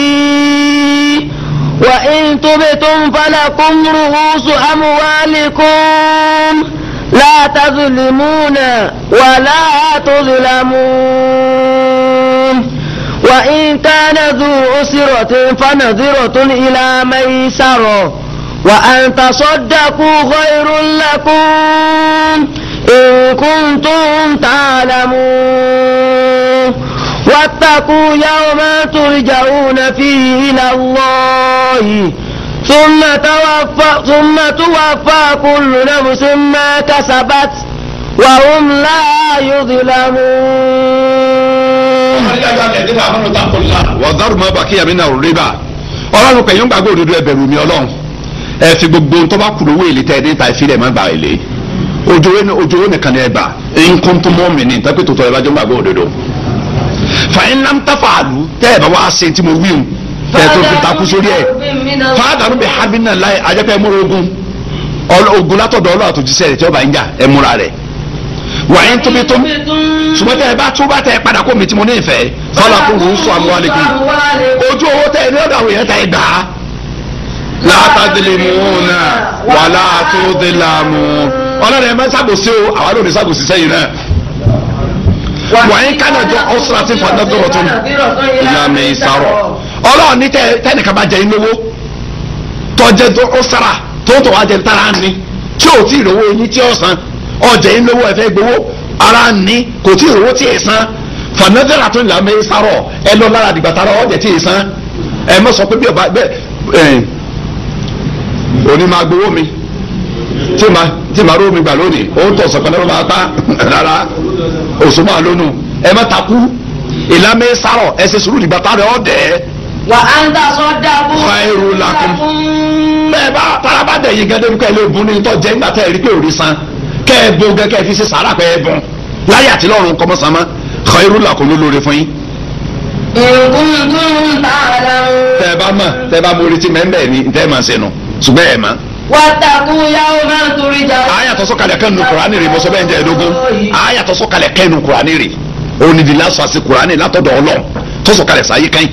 وإن تبتم فلكم رؤوس أموالكم لا تظلمون ولا تظلمون وإن كان ذو أسرة فنظرة إلى ميسر وأن تصدقوا خير لكم إن كنتم تعلمون واتقوا يوما ترجعون فيه إلى الله ثم توفى ثم توفى كل نفس ما كسبت وهم لا يظلمون
وذر ما بقي من الربا ọlọ́run pẹ̀yìn gbàgbọ́ òdodo ẹ̀bẹ̀rù mi ọlọ́run ẹ fi gbogbo ohun bá kúrò owó èlé tẹ ẹ níta ìfilẹ̀ má gbà èlé òjòwé òjòwé nìkan ni ẹ bà nǹkan tó mọ́ mi ní ìtàkùn tó tọ́ ẹ bá jọ gbàgbọ́ òdodo. fàyín náà ń tàfà àlù tẹ́ ẹ bá wá ṣe tí mo wí hùn tẹ̀tọ́ fi takú sórí ẹ̀ fàdàrú bí habinna láì ajẹ́pẹ́ múra ogun ogun látọ̀dọ̀ ọlọ́wà tó jíṣẹ́ rẹ̀ tí ọba ń jà ẹ̀ múra rẹ̀ wà á ń tóbi tó ṣùgbọ́n tẹ ẹ bá tó bá tẹ ẹ padà kó mi tí mo ní ìfẹ́ fọlákùn ló ń sọ àwọn àlejò ojú owó tẹ ẹ ní ọ̀dọ̀ àwọn èèyàn tẹ ẹ gbà á látàdìlímùúnà wàlá àtúndínlámù ọlọ́run ẹ máa ń ṣàbòsí o àwa ló ní ṣàbòsí sẹ́yìn náà wà á ń kánà jọ ọ̀sùn àti fàdádọ́rọ̀ tó ń ìyá mi sárọ̀ ọlọ́run ní tẹ́nìkan bá jẹ inú owó tọ́jẹ́ tó ó sára tó tó wá jẹ tára ní tí ò tí ì rówó eyín tí ó san ọjẹ́ inú owó ẹ̀fẹ́ gbowó ara ní kò tí ì rówó tí ì san fanadara tó ń là mẹ́ ẹ lọ lára dìgbà tára ọjẹ́ tí ì san ẹ mọ̀ sọ pé bí ọba bẹ́ẹ̀ òní máa gbowó mi tí ma tí ma rómi gbà lónìí ó ń tọ̀ sọ̀kan lọ́rọ̀ máa pa rárá òṣùmọ̀ àlónú ẹ má takú ìlàmẹ́ sárọ̀ ẹ ṣe sùúrù dìgbà tára ọ̀dẹ́ wà á ń tà sọ dábò. fáìrù làkùn. bẹ́ẹ̀ bá faraba dẹ̀ yìí gẹ́gẹ́ kẹ́ lè bun ní tọ́ jẹ́ nígbà tẹ́ ẹ rí pé òrì san kẹ́ ẹ bun gẹ́ kẹ́ ẹ fi ṣe sàrà pé ẹ bun láyé àti lọ́run kọ́mọ́ san mọ́ fáìrù làkùn ló lóore fún yín. nkúndùn tààlà. tẹ́ bá mọ̀ tẹ́ bá mọ̀ retí mẹ́ńbẹ́ ni tẹ́ máa ṣe nù ṣùgbọ́n ẹ̀ máa ayatò sọ̀kalẹ̀ kẹnu kurani rè mọsọ bẹ́ẹ̀ ń jẹ ẹdógún ayatò sọ̀kalẹ̀ kẹnu kurani rè onídìí lásán àti kurani látọ̀dọ̀ Ọlọ́run tó sọ̀kalẹ̀ sáyé kẹyìn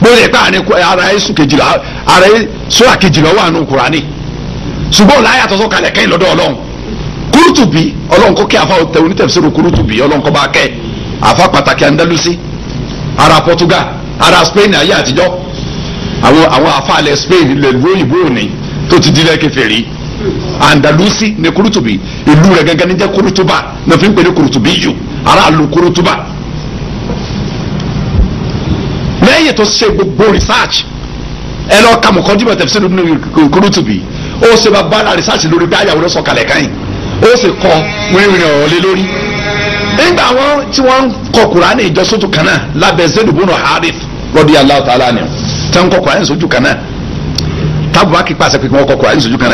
bóyá ẹ̀ka ara ẹ̀ sùn kejìlá ara ẹ̀ sọ́ra kejìlá wà nù kúránì ṣùgbọ́n ọ̀la yàtọ̀ sọ́kalẹ̀ kẹ́yìn lọ́dọ̀ ọlọ́run kúrútùbí ọlọ́run kó kẹ́ àfa onítẹ̀síro kúrútùbí ọlọ́run kó bá kẹ́ àfa pàtàkì Andalusi ara Portugal ara Spain ayé àtijọ́ àwọn àwọn àfa alẹ̀ Spain ilẹ̀ lóyìnbó òní tó ti dilẹ̀ kèfèrí Andalusi ní kúrútùbí ìlú rẹ̀ gẹ́gẹ́ níjẹ́ kúrútùbá ní fi ń pè ní kúrútùbí yù ara lu kúrútùbá tó ṣe gbogbo research ẹ lọ ka mọ̀kọ́dìmọ̀ tẹ̀síṣẹ́ lórí kúrútùbí ó ṣe bá bá research lórí bí àyàwó lọ sọ̀kalẹ̀ káyìn ó sì kọ wíwìrì ọ̀rọ̀ lé lórí nígbà wọn tí wọn kọ kuraani ìjọsótù kan náà lábẹ́ zedubunu harith radiyallahu ta'ala ni tẹ́ ń kọ kuraani sójú kan náà pàṣẹ pé kọ kuraani sọ pé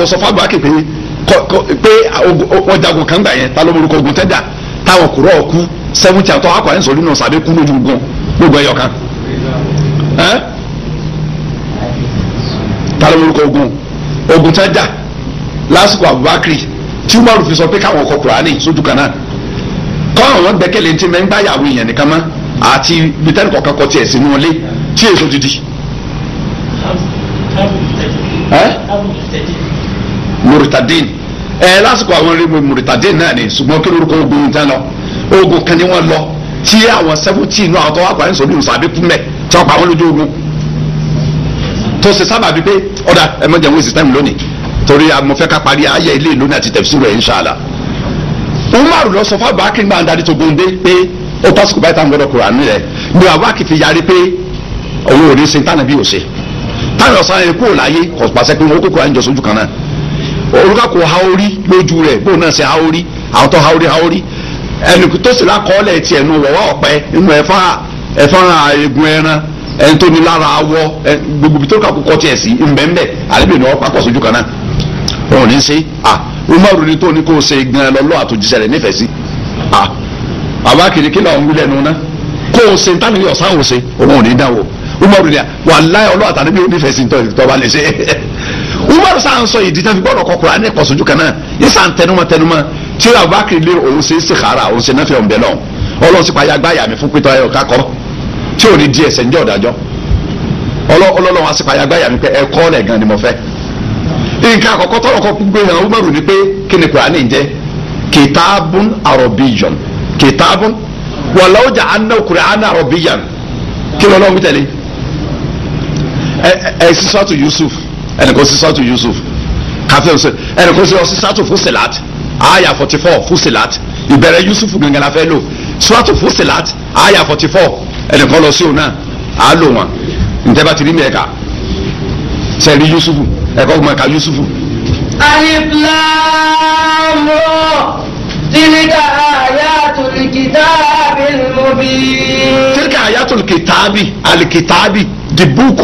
ó sọ pé ọjàgùn kan gbà yẹn táwọn kúrọ̀ ọ̀kú seventy àtọ́ akọ àyẹ̀sọ̀ lónìí ọ̀sàbẹ̀ kú lójú gan gbogbo ẹ̀yọ̀ kan ẹ́ ta ló lórúkọ ogun ogun tá jà lásìkò Abubakar tí Umaru fi sọ pé káwọn ọkọ Kùránì sójú kan náà kọ́ àwọn gbẹ́kẹ̀lé ti mẹ́ngbà yàwó èèyàn nìkan mọ́ àti bìtẹ́nì kọ̀ọ̀kan kọ tiẹ̀ sínú ilé tí èso ti di. Muritadin ẹ lásìkò àwọn eré mùrìtàdé náà ni ṣùgbọ́n kí lórúkọ ogun tán lọ ogun kan ni wọ́n lọ tí àwọn sẹ́fúntì inú àwọn tó wà pàrọ̀ sọ́dún sàbí kú mẹ́ tí wọ́n pa wọ́n lójú ogun tó ṣe sábà bíi pé ọ̀dà ẹ mọ̀ jẹun ìsìtẹ́mù lónìí torí amọ̀fẹ́ ká parí ayé ilé ìlú náà ti tẹ̀sí rẹ̀ inṣàlá umaru lọ sọ fún abakiri máa ń darí tó gbóndé pé ó tásìkò báyìí táwọn gbọdọ̀ kura nílẹ̀ ni abakiri fi yarí pé òun ò ní ṣe tánà bí ò ṣe táwọn ọ̀sán yẹn kúrò láyé kò pàṣẹ pé wọn ó kókó àyìnjọ sójú kan náà òrùka kò ha orí lójú rẹ̀ bóun náà ṣe ha orí àwọn tó ha orí ha orí ẹnì tó sì lákọọ́lẹ̀ tiẹ̀ nu wọ̀wọ́ ọ̀pẹ nínú ẹ̀fà ẹ̀fà egun ẹran ẹni tó ní lára awọ gbogbo ibi tó kà kókọ́ tiẹ̀ sí nbẹ̀nbẹ̀ àlébè ni wọ́n pa kọ́sójú kan náà òun ní ṣe à umaru ni tó ní kó ṣe gan lọ́lọ́ àtòjíṣẹ́ rẹ̀ nífẹ̀ẹ́ sí à bàbá kìrìkì làwọn wílẹ̀ nu náà kó ṣe ntánì yọ̀ sáwọ́ ṣe òun ò ní dáwọ́ umaru ni à wàláyé ọlọ́ àtàlẹ́bí onífẹ̀ẹ́ sí tọ́ umaru sáà ń sọ yìí dìtẹ́ fi gbọ́dọ̀ kọ Kùránì kọ̀sọ́jú kan náà yìí sáà ń tẹnumọ́ tẹnumọ́ tí abubakar lé òun ṣe é sì xaara òun ṣe náfẹ̀ẹ́ òǹbẹ̀ náà ọlọ́run sì payá gbáyà mi fún pétọ́ ayọ̀ kakọ́ tí ò ní di ẹsẹ̀ ǹjẹ́ ọ̀dàjọ́ ọlọ́run á sì payá gbáyà mi pé ẹ̀kọ́ lẹ̀ gan ni mo fẹ́ nǹkan àkọ́kọ́ tọ́lọ̀ kọ́ gbé hàn umaru ni pé kí ni Kùránì ń jẹ́ kìtàbùn àrọ̀bíyàn kìtàbùn wàlọ́jà anáwó Kùránì àrọ̀bíyàn kí lọ́lọ́run tẹ̀lé ẹ̀ ẹ̀ sísọ́tù Yusuf ẹnìkan sí sátú Yusuf káfíń sẹ ẹnìkan sí ọsí sátú Fusilat aya forty four ìbẹ̀rẹ̀ Yusuf gangan la fẹ́ lò sátú Fusilat aya forty four ẹnìkan lọ sí òun náà á lò wọn ntẹ́bà tìrí mi ẹ̀ka sẹ́ẹ̀rí Yusuf ẹ̀kọ́ ọmọ ẹ̀ka Yusuf.
alifilamu tilika ayatul kitabil
mubin. tilika ayatul kitabi alikitabi the book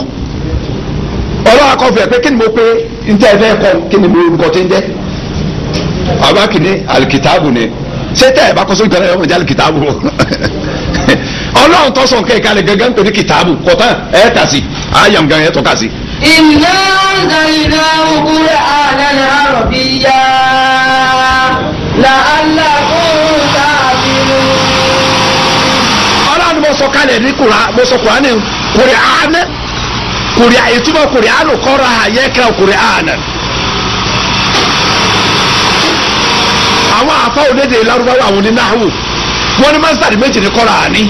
ọlọ́wà kọ́ fẹ́ pé kí ni mo pé njẹ ẹfẹ kọ kí ni mo orúkọ tí ń jẹ bàbá kìíní alikitaabu ni ṣé tẹ ẹ bá kọ sórí gbẹrẹ ọmọdé alikitaabu wọn ọlọ́run tó sọ nǹkan ìkàlẹ̀ gangan torí kìtàbù kọ̀tán ẹ̀ tà sí àyàm gan ẹ̀ tọ́ka sí.
ìná ìdáyiná òkúrẹ́ àdáni àròbíyá làálà fún káàbírú.
ọlọ́run mo sọ kalẹ̀ ní kura mo sọ kura ní kura àná kòrìà ìtumọ̀ kòrìà ló kọ́ra yẹ kẹ́ kòrìà nà. àwọn afa onídè Lárúbáwá àwọn onínáwó wọn ni mọ́sítàdì méjì ni kọ́ra àní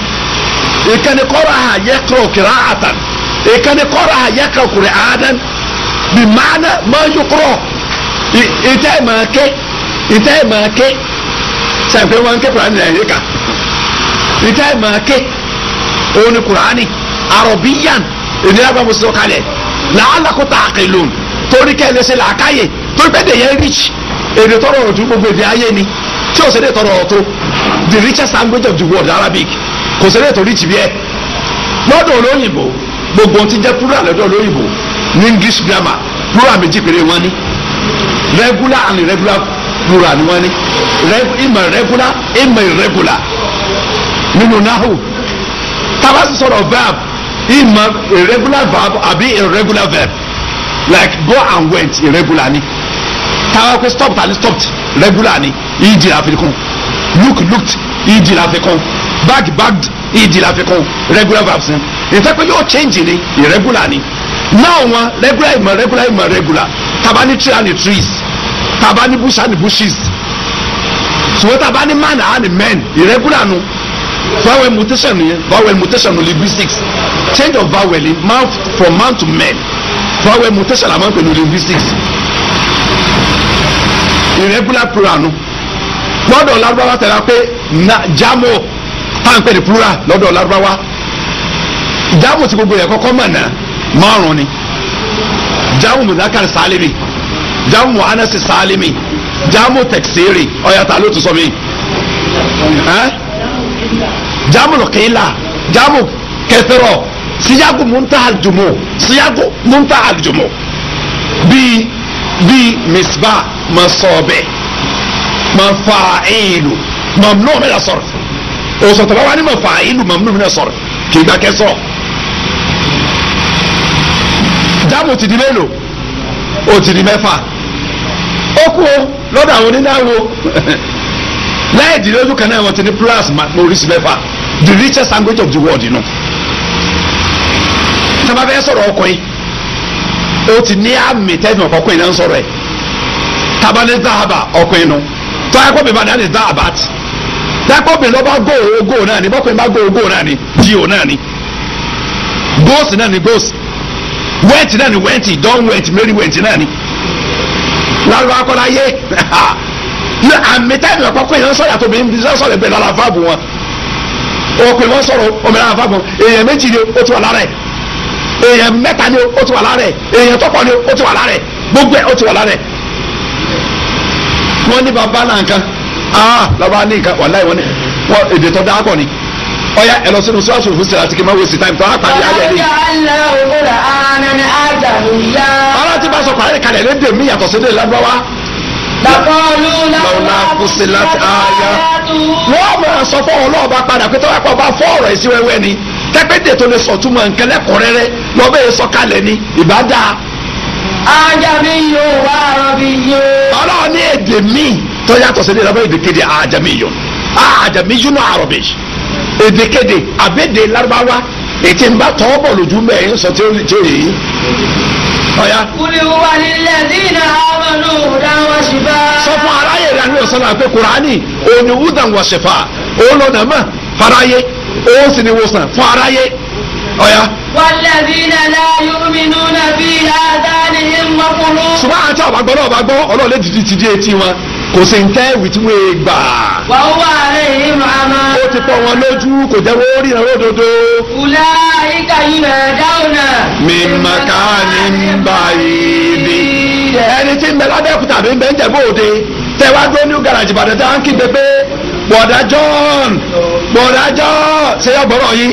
ìkànnì kọ́ra yẹ kẹ́ kòrìà àtàn ìkànnì kọ́ra yẹ kẹ́ kòrìà nà bí màánà máa yọ kúrọ̀ ìtẹ́ ẹ̀ máa ké ìtẹ́ ẹ̀ máa ké sàgbẹ́ wọn ké kúrò ní Nàìjíríà ìtẹ́ ẹ̀ máa ké òun ni kúrò àní àrọ̀bíyàn. ìnira bá mo sọ kalẹ̀ làálà kó ta àkèlò torí kẹ́ ẹ lè gbogbo ebe ni tí o ṣe tọrọ ọtọ the richest language of the world Arabic kò ṣe tó rich bí lọ́dọ̀ olóyìnbó gbogbo ti jẹ́ plural lọ́dọ̀ grammar plural méjì péré regular and irregular plural ni ní regular ima irregular nínú tabasi sọ̀rọ̀ ìmọ̀ irregular verb àbí irregular verb like go and went irregular ni tàwa pé stop tani stopped regular ni ed la fi kún look looked ed la fi kún bag bagged ed la fi kún regular verbs ni ìfẹ́ pé yóò change ni irregular ni náà wọn regular ima regular ima regular tàbá ní tree and trees tàbá ní bush and bushes So tàbá ní man and the men irregular nu. No vowel mutation yẹn vowel mutation ní linguistics change of vowel in mouth from man to men vowel mutation àmọ́ pẹ̀lú linguistics irregular plural nu lọ́dọ̀ Lárúbáwá tẹ̀lé Na jamo, táǹpẹ̀ ní plural lọ́dọ̀ Lárúbáwá jámù ti gbogbo yẹn kọ́kọ́ mọ̀ náà márùn ni jámù mùdákàr sálímì jámù anasi sálímì jámù tẹ̀síìrì ọ̀yàtà ló tún sọ mí. Eh? jamul qila jamu kẹfẹrọ siyagu muntahal jumu siyagu muntahal jumu bíi bíi misba masobe mafailu mamnu mi la sọ̀rọ̀ òsòtòba wa mafailu mamnu mi la sọ̀rọ̀ kì í gba jamu ti di mélòó o ti di mẹ́fà ó kú o lọ́dọ̀ àwọn onínáwó láìdí lójú kan náà wọ́n ti ní plurals oríṣi mẹ́fà the richest language of the world nù. sábà fẹ́ sọ̀rọ̀ ọkùnrin ó ti ní àmì tẹ́fì ọkùnrin náà ń sọ̀rọ̀ ẹ̀ tábà ní dáhàbà ọkùnrin nù tọ́yà kó bèbá náà ní dáhàbà tì dákọ̀bìnrin lọ́ba góòó góòó náà ni bọ́kùnrin bá góòó góòó náà ni díò náà ni góòsì náà ni góòsì wẹ́ẹ̀tì náà ni wẹ́ẹ̀tì dọ́n wẹ́ẹ̀tì mẹ́rin wẹ́ẹ̀tì náà ni lárúbáwá kọ́lá yé àmì táìmù ẹ̀kọ́ pé yẹn ń sọ̀rọ̀ àtòbí ní sọ̀rọ̀ ẹ̀bẹ̀ lára fáàbù wọn o pè wọ́n sọ̀rọ̀ òmìnira fáàbù èèyàn méjì ni ó ti wà lára ẹ̀ èèyàn mẹ́ta ni ó ti wà lára ẹ̀ èèyàn tọ́pọ̀ ni ó ti wà lára ẹ̀ gbogbo ẹ̀ ó ti wà lára ẹ̀ wọ́n ní bàbá náà nǹkan ah bàbá ní nǹkan wàláì wọ́n ní wọ́n èdè tó dáa pọ̀ ni ọ̀ya ẹ̀ lọ sínú sọ́ọ̀sì fún sẹ́lá tí kì í má wé sí táìmù tó á parí ayé ni. ọlọ́run ti bá sọ pàrọ̀ kalẹ̀ lédè mí yàtọ̀ sí
lakọọlù lọ́la kùsì láti ààyà.
wọ́n máa sọ fún ọlọ́ọ̀bá padà pé tọ́wọ́ pọ̀ bá fọ́ ọ̀rọ̀ ìsí wẹ́wẹ́ ni tẹ́pẹ́tẹ́ tó lè sọ túmọ̀ nǹkan lẹ́kọ̀ọ́rẹ́rẹ́ lọ́bẹ̀ yẹn sọ̀kalẹ̀ ni ìbádà. ajami yóò wá arabi yóò. ọlọ́run ní èdè míì tó yàtọ̀ sí ní ìlànà èdè kéde ajami yóò ajami yóò náà arabi èdè àbẹ̀dẹ̀ lárúbáwá ètè ń bá tọ́ ọ̀yá.
kúlì wà nílẹ̀ dínà àmọ́nù dáwọ́ ṣùfà. sọ fún aráyè rẹ̀
àníwọ̀ sọ́la pé kùránì òní wúdàn wọ̀ ṣẹ̀fà òun lọ́nà mọ́ faráyé òun sì ni wòsàn fún aráyé ọ̀yá. والذين لا يؤمنون في آذانهم وقلوب. ṣùgbọ́n àti ọ̀bàgbọ́ náà ọ̀bàgbọ́ ọlọ́ọ̀lẹ́ dìdí ti dé etí wọn kò sì ń tẹ́ ìwì tí wọ́n è gbà. wàá wà rẹ̀ yìí màmá. ó ti pọ̀ wọn lójú kò jẹ́ wọ́n rí ìrànwọ́ òdodo. kùlá ìka yìí máa dáhùn náà. mi màkà ní ń bá yìí bí. ẹni tí ń bẹ lábẹ́òkúta àbí ń bẹ ń jẹ̀bú òde tẹ́wá gbé new garage ìbàdàn tá à ń kígbe pé bọ̀dá John bọ̀dá John ṣe yọ gbọ́rọ̀ yìí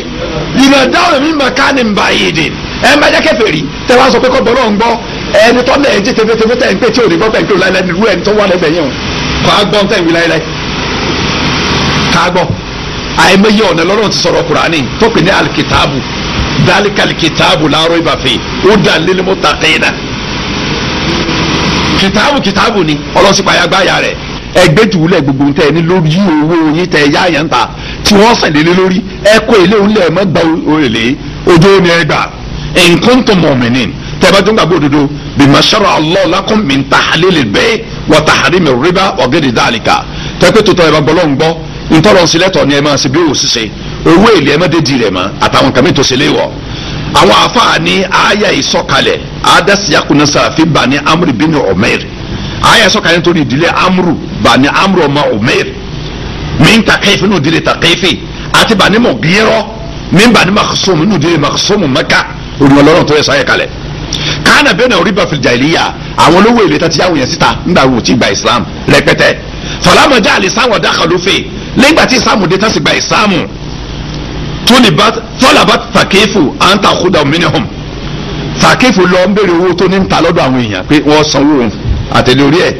ìmọ̀ dáhùn mi màkà ní ń bá yìí ẹ má jẹ́ kèfèrí tẹ́wá sọ pé kọ́ gbọ́rọ̀ ń ẹni tọ́ náà ẹ̀ jẹ́ tẹ́fẹ́tẹ́fẹ́ tẹ́ ń pè tí ò ní gbọ́ pẹ̀lú láìláì ẹni tó wà lẹ́gbẹ̀ẹ́ yẹn o kọ́ agbọ́n tẹ̀ wí láyéláyé ká gbọ́ àìmọye ọ̀nà lọ́rọ̀ ti sọ̀rọ̀ Kùránì tó pè ní alikitaabu dalika alikitaabu láàárọ̀ ìbàfẹ́ ó dà lílimu tàkìnà kitaabu kitaabu ni ọlọ́sípayà gbáyà rẹ̀ ẹgbẹ́ jùlẹ̀ gbogbo tẹ ní lórí owó yín tẹ yá yẹn ta tí wọ́n sẹ̀lélé lórí ẹ kó ilé òun lẹ̀ mọ́ gba òrèlé ojú ni ẹ gbà nǹkan tó ni tẹ bá tó òdodo bima shara'a Allahu lakum min tahlil al-bay' wa tahrim ar-riba wa ghayri dhalika tẹ́pẹ́ tó tọ́ ẹ bá gbọ́ lọ́n gbọ́ ntọ́lọ́nsílẹ̀tọ̀ ni ẹ máa ṣe bí òṣìṣẹ́ owó èlé ẹ má dé di rẹ̀ mọ́ àtàwọn kàmí tó ṣe léwọ̀ àwọn àfáà ní àyà ìsọ̀kalẹ̀ adásíyàkùnà sàfi bani amru bin umair àyà ìsọ̀kalẹ̀ nítorí ìdílé amru bani amru ọmọ umair min taqifi nù ìdílé taqifi àti bani mọ̀gírọ́ min bani makhsum nù ìdílé makhsum mẹ́ka olùwàlọ́run tó yẹ sáyẹ̀ kalẹ̀ kánà bẹ́ẹ̀ náà riba fil jahiliya àwọn olówó èlé tó ti yáwó yẹn síta nígbà wo ti gba islam rẹpẹtẹ falama jaa al-islam wa dakhalu fi lẹ́gbà tí islam dé tó sì gba islam tọ́làbà fàkẹ́fù à ń ta khuda minhum fàkẹ́fù lọ ń béèrè owó tó ní ń ta lọ́dọ̀ àwọn èèyàn pé wọ́n sanwó àtẹ̀lé orí ẹ̀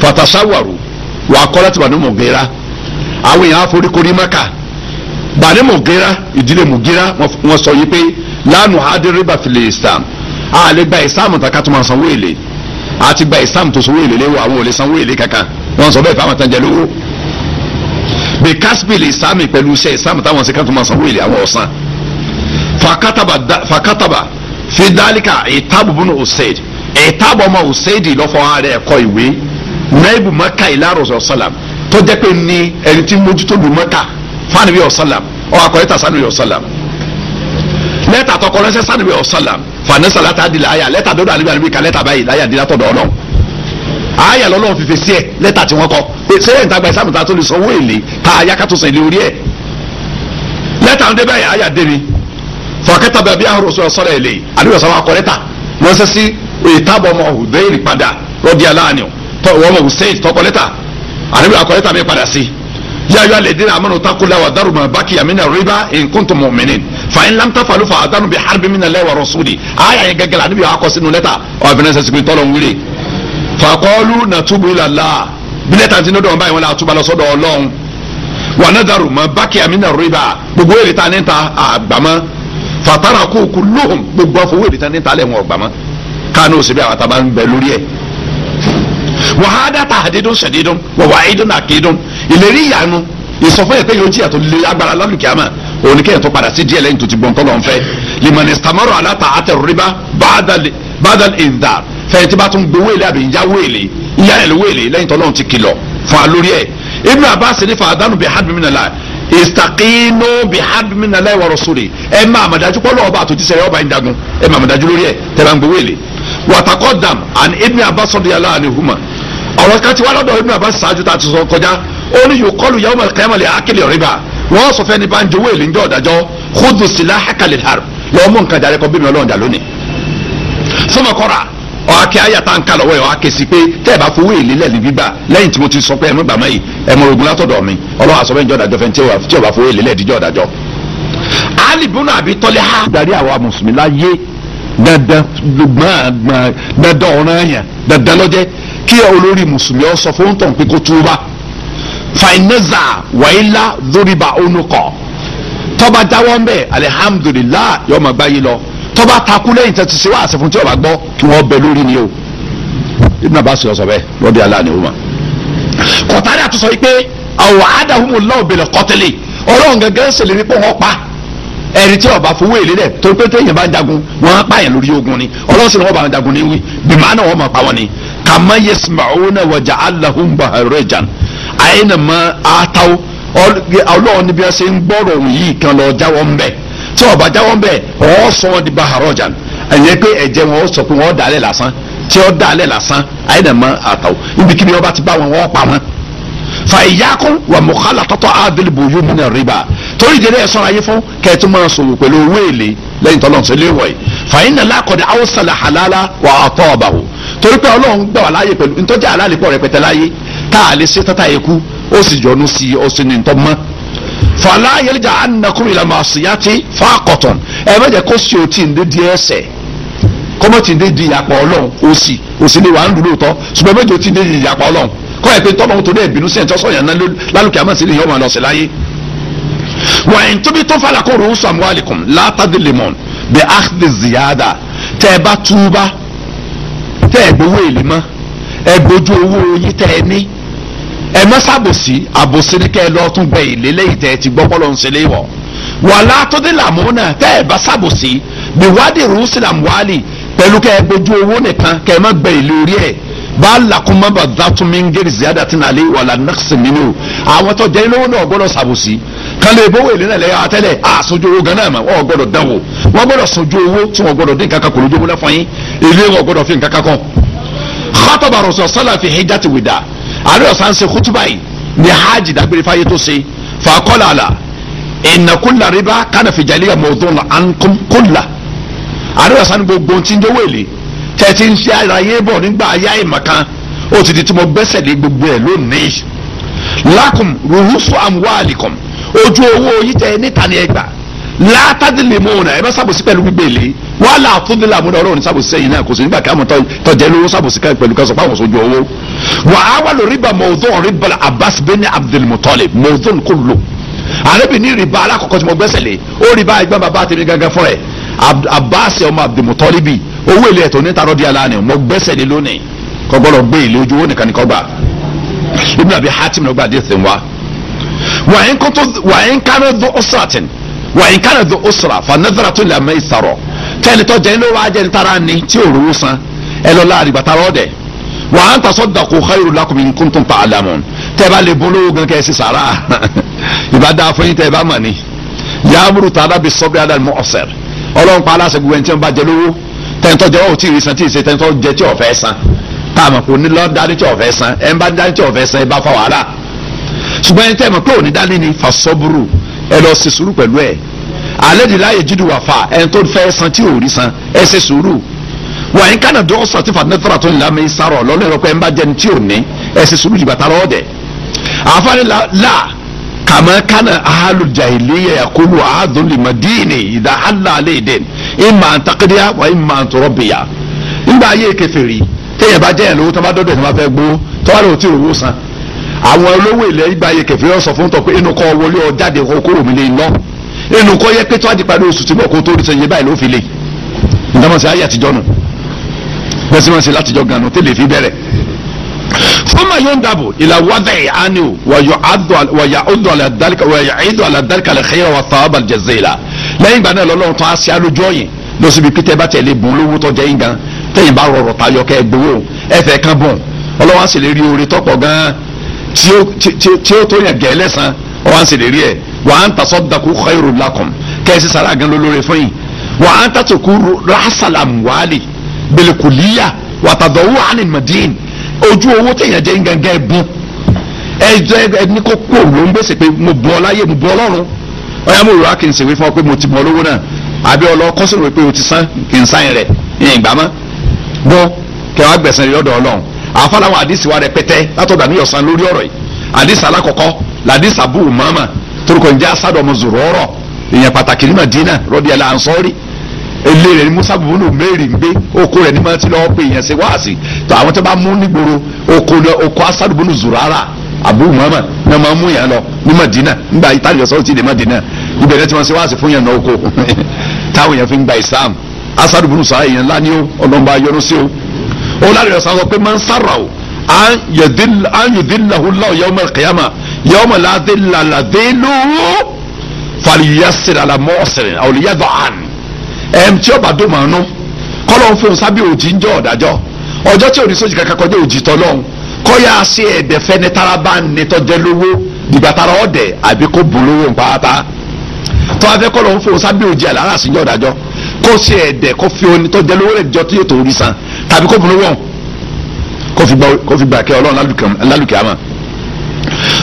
fatasawaru wà á kọ́ láti wà ní mọ̀gẹ́ra àwọn èèyàn àforíkorí mẹ́ka bàdé mọ̀gẹ́ra ìdílé mọ̀gẹ́ra wọ́n sọ yìí pé lánàá adé riba fil islam a lè gba ìsìlámù tán ká tó máa sanwó èlé a ti gba ìsìlámù tó sanwó èlé léwu àwọn ò lè sanwó èlé kankan wọn sọ bẹ́ẹ̀ fáwọn tán lówó bí kásìpìlì ìsìlámù pẹ̀lú iṣẹ́ ìsìlámù táwọn ṣe ká tó máa sanwó èlé àwọn ọ̀sán fakataba fi dálíkà ìtàbùbùnú ọ̀sẹ̀d ìtàbù ọmọ ọ̀sẹ̀d lọ́fọ̀ ààrẹ ẹ̀kọ́ ìwé naibu maka ìlàrọ̀ ọ̀sálàm tó jẹ́ pé ní ẹni tí mójútó lu maka fáànù bí ọ̀sálàm ọ̀ akọ̀yẹ́ta sánú bí ọ̀sálàm àtọkọ rẹ́sẹ̀ sánú bí fanasa lata di la aya lẹ́tà dọ́dọ̀ alibi alibi ka lẹ́tà báyìí láyà di látọ̀ dọ́ọ̀nà aya lọ́lọ́run fífi sí ẹ lẹ́tà tí wọ́n kọ sẹ́yìn ìtagbà ìsàmù ta tó lè sanwó èlé ta aya ká tó sàn èlé orí ẹ lẹ́tà ń dé báyìí aya dé ni fàkẹ́tà bẹ́ẹ̀ bí ahọ́rọ̀ sọ̀rọ̀ sọ̀rọ̀ èlé alibi ọ̀sán wa kọ lẹ́tà wọ́n sẹ́ sí ìtàbọ̀ ọmọ ọ̀hùnbẹ́yìn padà rọ́dí aláàánú wọ́n mọ̀ hussein tọkọ lẹ́tà alibi akọ lẹ́tà mi padà sí i يا أيها الذين آمنوا اتقوا الله وذروا ما بقي من الربا إن كنتم مؤمنين فإن لم تفعلوا فأذنوا بحرب من الله ورسوله آية yẹn gẹ́gẹ́ la níbi àkọ́ sínú lẹ́tà ọ̀bìnrin ṣe sìkìrì tọ́lọ̀ ń wílé fàkọ́ọ́lù nàtúbù ìlàlá bí lẹ́tà ti ní ọdọ̀ ọba ìwọ̀n àtúbà lọ sọ́dọ̀ ọlọ́run wà ní dàrú mọ́ bákì àmínà rìbá gbogbo èrè ta níta àgbàmọ́ fàtàrà kó kú lóhùn gbogbo àfọwọ́ èrè ta níta lẹ́wọ̀n ọ̀gbàmọ́ káàní òsèbí àwọn àtàbà ń bẹ lórí ẹ̀ wàhádà tàdídùn ṣẹ̀dídùn wàwáyídùn àkídùn ìlérí ìyanu ìsọfún yẹn pé yóò jìyà tó lé agbára lálùkìyàmà òun ni kéèyàn tó padà sí díẹ̀ lẹ́yìn tó ti gbọ́n kọ́ lọ́n fẹ́ limani stamoro alata atẹrùrìbá badal indar fẹ́ẹ́ tí bá tún gbé wéèlé àbí ìyá wéèlé ìyá ẹ̀ wéèlé lẹ́yìn tó lọ́n ti kìlọ̀ fún wa lórí ẹ̀ ibn abbas ní fàdánù bíi hadminala ìstakínú bíi hadminala ìwà rọ̀sùlì ẹ̀ máa màdájú pọ́lọ́ ọba àtòjíṣẹ́ ọba ìjagun ẹ̀ máa màdájú lórí ẹ̀ tẹ̀ bá ń gbé wéèlé wàtàkọ́dàm àni ibn abbas sọ́dọ̀ yàrá àni huma ọ̀rọ̀ kan ti ibi lọ́dọ̀ ibn abbas ṣáájú sọ kọjá ó ní yòókọ́lù yàwó mọ̀ kẹ́mọ̀ lè ákìlì ọ̀rẹ́bà wọ́n sọ fẹ́ ní banjo owó èlé ń jẹ́ ọ̀dàjọ́ khudu silahaka lil harb lọ́wọ́ mú nǹkan jàre kọ́ bí mi ọlọ́run jà lónìí. sọmọkọ́ra ọ̀hákẹ́ ayé àtà ń kà lọ́wọ́ ẹ̀ ọ̀hákẹ́ sí pé tẹ́ ẹ bá fowó èlé lẹ́ẹ̀lì gbígbà lẹ́yìn tí mo ti sọ pé ẹ̀mú gbàmọ́ yìí ẹ̀mú ogun látọ̀dọ̀ mi ọlọ́run àsọ fẹ́ ń jẹ́ ọ̀dàjọ́ fẹ́ tí ò bá fowó èlé lẹ́ẹ̀díjọ́ ọ̀dàjọ́. Ali ibn Abi Talha darí àwa mùsùlùmí láyé dandan gbọ̀ngbọ̀n dandan ọ̀ràn fainaza wàhálà dóríba onukọ tọba dáwọ́ ń bẹ̀ alihamudulilayi yọ ọmọ gbáyé lọ tọba takú lẹ́yìn tẹ ti ṣe wá àṣẹfún tí ọba gbọ́ kí wọ́n bẹ lórí ni o ibùdó àbá sọ sọ bẹ́ẹ̀ lọ́dí aláàánú wọn. kọ̀tàrí àtúnṣe yìí pé àwọn àdàhùnmù lọ́wọ́ bẹ̀rẹ̀ kọ́tẹ́lẹ̀ ọlọ́run gẹ́gẹ́ ṣẹlẹ̀ ní pé wọ́n pa ẹ̀rí tí ọba fowó èlé rẹ̀ tó pé téèyàn bá jagun wọ́n á pààyàn lórí ogun ni ọlọ́sìn ni wọ́n bá jagun ní wí bìmọ̀ àná wọ́n máa wọn ni kàmáyé sùmọ̀ òun náà wọ̀jà aláhùn bàrẹ̀ àyìnà mọ àtàwọn ọlọ́run níbi ẹsẹ̀ ń gbọ́rọ̀ òun yìí kan lọ jáwọ́ ń bẹ̀ tí ọba jáwọ́ ń bẹ̀ ọ̀ sọ wọn di baharo jan ẹ̀yẹ pé ẹ̀jẹ̀ wọn sọ pé wọn dalẹ̀ lásán tí ọ dalẹ̀ lásán àyìnà mọ àtàwọn ibikíbi ọba ti bá wọn wọn pa wọn fàyàkùn wà mọ̀kálà tọ́tọ́ àdìlìbò yóò mí nà rìbá torí ìdílé ẹ̀ sọ́ra yín fún kẹ́ẹ̀tún máa sòwò pẹ̀lú owó èlé lẹ́yìn tó lọ́n sílé wọ̀nyí fàyín nà lákọ̀dẹ̀ àwòsàlà halala wà á tọ́ ọ̀bà wò torí pé ọlọ́run gbà wà láàyè pẹ̀lú ntọ́jà alálẹ́pọ̀ rẹpẹtẹ láyé tá a lè ṣe tata yẹ kú ó sì yọnu sí i ó sì ní ntọ́ mọ́ fàlà yẹlẹjà ànàkùn ìlànà àṣìyàtì fàkọtàn ẹ bẹ jẹ kó sì o tí ń dé di ẹsẹ kọmọ tí ń dé di ìyàpọ̀ ọlọ́run ó sì ó sì lè wà ń dúró tọ́ ṣùgbọ́n méjì ó ti ń di ìyàpọ̀ ọlọ́run kọ́ ẹ pé tọ́lọ́run tó dé ìbínú sí ẹ̀ tí wọ́n sọ̀yàn náà lálùkì àmọ́ sí ni yọ̀ọ́ máa lọ sí láyé. wà á tóbi tó falà kó ròhùn sàmú lemon bẹ áhdì ziyada tẹ ẹ bá túbá tẹ ẹ owó yín tẹ ẹ má ṣàbòsí àbòsí ni kẹ́ ẹ lọ tún bẹ ìlélẹ́yìí tẹ́ ẹ ti gbọ́ pọ́lọ́ ń ṣe léwọ̀ wàhálà tó dé làmú náà tẹ́ ẹ bá ṣàbòsí bí wádìí rúṣìlám wálì pẹ̀lú kẹ́ ẹ gbójú owó nìkan kẹ́ ẹ má gbẹ ìlú orí ẹ̀ bá làkúmọ́ bá dàtún mi ń gé ziyada tí nàlẹ́ wàhálà nàkṣẹ̀ nínú àwọn tó jẹ́ lówó náà gbọ́dọ̀ ṣàbòsí kan lè bówó ìlú náà lẹ́yìn àtẹ́lẹ̀ àsojú owó gan náà mà wọ́n dán wò wọ́n gbọ́dọ̀ sojú owó tí wọ́n gbọ́dọ̀ dín kankan kò lójú owó lẹ́fọ̀ọ́ yín ilé wọn gbọ́dọ̀ fi nǹkan kan kọ́. khataba rasul sallallahu fi hijjati wida àlọ́ ọ̀sán ṣe kútúbà yìí ní hajj dágbére fáyé tó ṣe fàkọ́lá àlà ìnàkúnlá rìbá kánàfì jàlíyà mọ̀ọ́dún ànkúnlá àlọ́ ọ̀sán gbogbo ti ń jówó èlé tẹ̀sí ń ṣe àlàyé bọ̀ nígbà ayé àìmọ̀kan ó ti di tí mo gbẹ́sẹ̀ lé gbogbo ẹ̀ lónìí lakum ruhusu amwalikum ojú owó yìí tẹ níta ni ẹ gbà látàdínlẹ̀mọ́nà ẹ bá ṣàbòsí pẹ̀lú gbígbèlè wàhálà àtúndínlẹ̀mọ́nà ọlọ́run ṣàbòsí sẹ́yìn náà kò sí nígbà káàmù tọ́jẹ́ lówó ṣàbòsí ká pẹ̀lú ká sọ fáwọn sojú owó. wà á wà lórí ibà mọ̀ọ́dún riba Abbas bin Abdul Muttalib mọ̀ọ́dún kò lò. àrẹ́bì ní riba alákọ̀ọ́kọ́ tí mo gbẹ́sẹ̀ lé ó riba ẹgbẹ́ bàbá tèmi gangan fún ẹ̀ Abbas ọmọ Abdul Muttalib owó ilé ẹ̀tọ́ nítarọ́ di kánú dọ́ ọ́sàtìn wà ní kánà tó ọ̀sọ̀rà fanadara tó lè mẹ́ ìsàrọ̀ tẹ́ni tó jẹ́ ní wàá jẹ́ ní tara ni tí ò rówó san ẹ lọ láàrin bàtà rọ dẹ̀ wà á ń tasọ́ dàkú khairu lakum in kuntum ta'lamun tẹ́ bá lè bolówó gan kẹ́ ẹ sì sàrà ìbá dáa fún yín tẹ́ bá mà ní yàmúrù tààdà bí sọ́bí adà mọ́ ọ̀sẹ̀ ọlọ́run pa aláṣẹ gbogbo ẹni tí wọ́n bá jẹ lówó tẹ́ntọ́ jẹ́ ọ̀ tí ì tí ì ṣe tẹ́ntọ́ jẹ tí ò fẹ́ san táàmù kò ní lọ ẹ lọ ṣe sùúrù pẹ̀lú ẹ̀ alẹ́dì láàyè jídù wà fà ẹ̀ tó fẹ́ san tí ò rí san ẹ ṣe sùúrù wà ní kánà dọ́wọ́ sọ ti fàtẹ́tọ́ra tó ń la mi sárọ̀ lọ́lọ́ ẹ̀rọ pé ẹ̀ ń bá jẹni tí ò ní ẹ ṣe sùúrù jìbàtà lọ́wọ́ dẹ̀ àfáàní la kàmá kánà ahalu jahiliya yakulu ahadun limadini ìdá allah alẹ́ ìdẹ́n ìmà àtàkìdíyà wà ìmà àtọ̀rọ̀bìyà nígbà ayé kèfèrí téèyàn bá jẹ́yàn lówó tó bá dọ́dọ̀ tó bá fẹ́ gbó tó bá lọ́wọ́ tí òwò àwọn olówó ilẹ̀ ìgbàyè kẹfìrí ọ̀sọ̀ fún tọ́pẹ́ inú kọ́ wọlé ọ jáde okòwò mi lè lọ inú kọ́ yẹ pé tó àdìpadà oṣù tí mo kó tó rí sẹ́yìn báyìí ló fi lè ìdámọ̀sí ayé àtijọ́ nù bẹ́ẹ̀ sì máa ń ṣe látijọ́ gan-an tẹ́lẹ̀ fi bẹ̀rẹ̀ fama yóò dàbò ìlà wádàá ìhání o wàyà ọdún àlà dálíkà wàyà ẹ̀dùn àlà dálíkà lè xeyra wà tààbà jẹzẹ́lá lẹ́yìn ìgbà náà lọ́lọ́run tó a ṣe tí ó tó yàn gẹ̀ẹ́ lẹ́sàn ọ̀ à ń sèlérí ẹ̀ wà á ń tasọ́ dakú khairu lakum kẹ́sì sara gan lólórí fún yìí wà á ń tasọ́ kú rasalam wàhálì bẹ̀lẹ̀kùlíyà wà tàdọ̀wọ́ àní madin ojú owó téèyàn jẹ́ gangan ẹ̀bùn ẹjọ́ ẹni kó kú òun ló ń gbèsè pé mo bu ọláyé mo bu ọlọ́run ọ̀yà mo rò á kì sèwé fún ọ pé mo ti mọ olówó náà àbí ọlọ́ kọ́sìnrò pé o ti san kì í sáyìn rẹ̀ ìyìn ìgbà mọ́ gbọ́ kí gbẹ̀sán lọ́dọ̀ ọlọ́run àfàlàwọn àdìsí wa rẹpẹtẹ látọ̀dà ní ọ̀sán lórí ọ̀rọ̀ yìí àdìsí alákọ̀ọ́kọ́ làdìsí abu umama torúkọ njẹ́ asádọ̀mù zùrọ̀rọ̀ èèyàn pàtàkì ní madina rọ́dí ẹ̀ lansọ́rì ilé rẹ̀ ní musa bùbùnú mẹ́rin gbé oko rẹ̀ ní ma ti lọ́ọ́ pé èèyàn ṣe wáàsì tó àwọn tó bá mú nígboro oko oko asádọ̀mù zùrọ̀rà abu umama ní ma mú yẹn lọ ní madina nígbà itali ọ̀sán ti dé madina ibẹ̀ ní ti ma ṣe wáàsì fún yẹn náà oko táwọn yẹn fi ń gba islam asádọ̀mù zùrọ̀rà èèyàn ńlá ni ó ọlọ́mọba yọrù sí o olùdarí ọ̀sán sọ pé máa ń sára o an yudillahu Allahu yawmal qiyamah yawma la dhilla la dhilluhu falyassir ala mu'sirin aw liyad'an ẹ̀m tí ọba dùn màánú kọ́lọ́n fún un sábẹ́ òjì ń jọ ọ̀dájọ́ ọjọ́ tí òní sójì kankan kọjá òjì tọ́lọ́hún kọ́yà sí ẹ̀bẹ̀ fẹ́ni tara bá ń ní tọ́jẹ́ lówó dìgbà tara ọ̀dẹ̀ àbí kó bu ń pátá tó a fẹ́ kọ́lọ́n fún un òjì àlàárà ń jọ ọ̀dájọ́ kó sí ẹ̀dẹ̀ kó fi oní tọ́jẹ́ rẹ̀ jọ tí yóò tó rí san tàbí kó burú wọn kó fi gbà kí ọlọ́run lálùkẹ́ àmọ́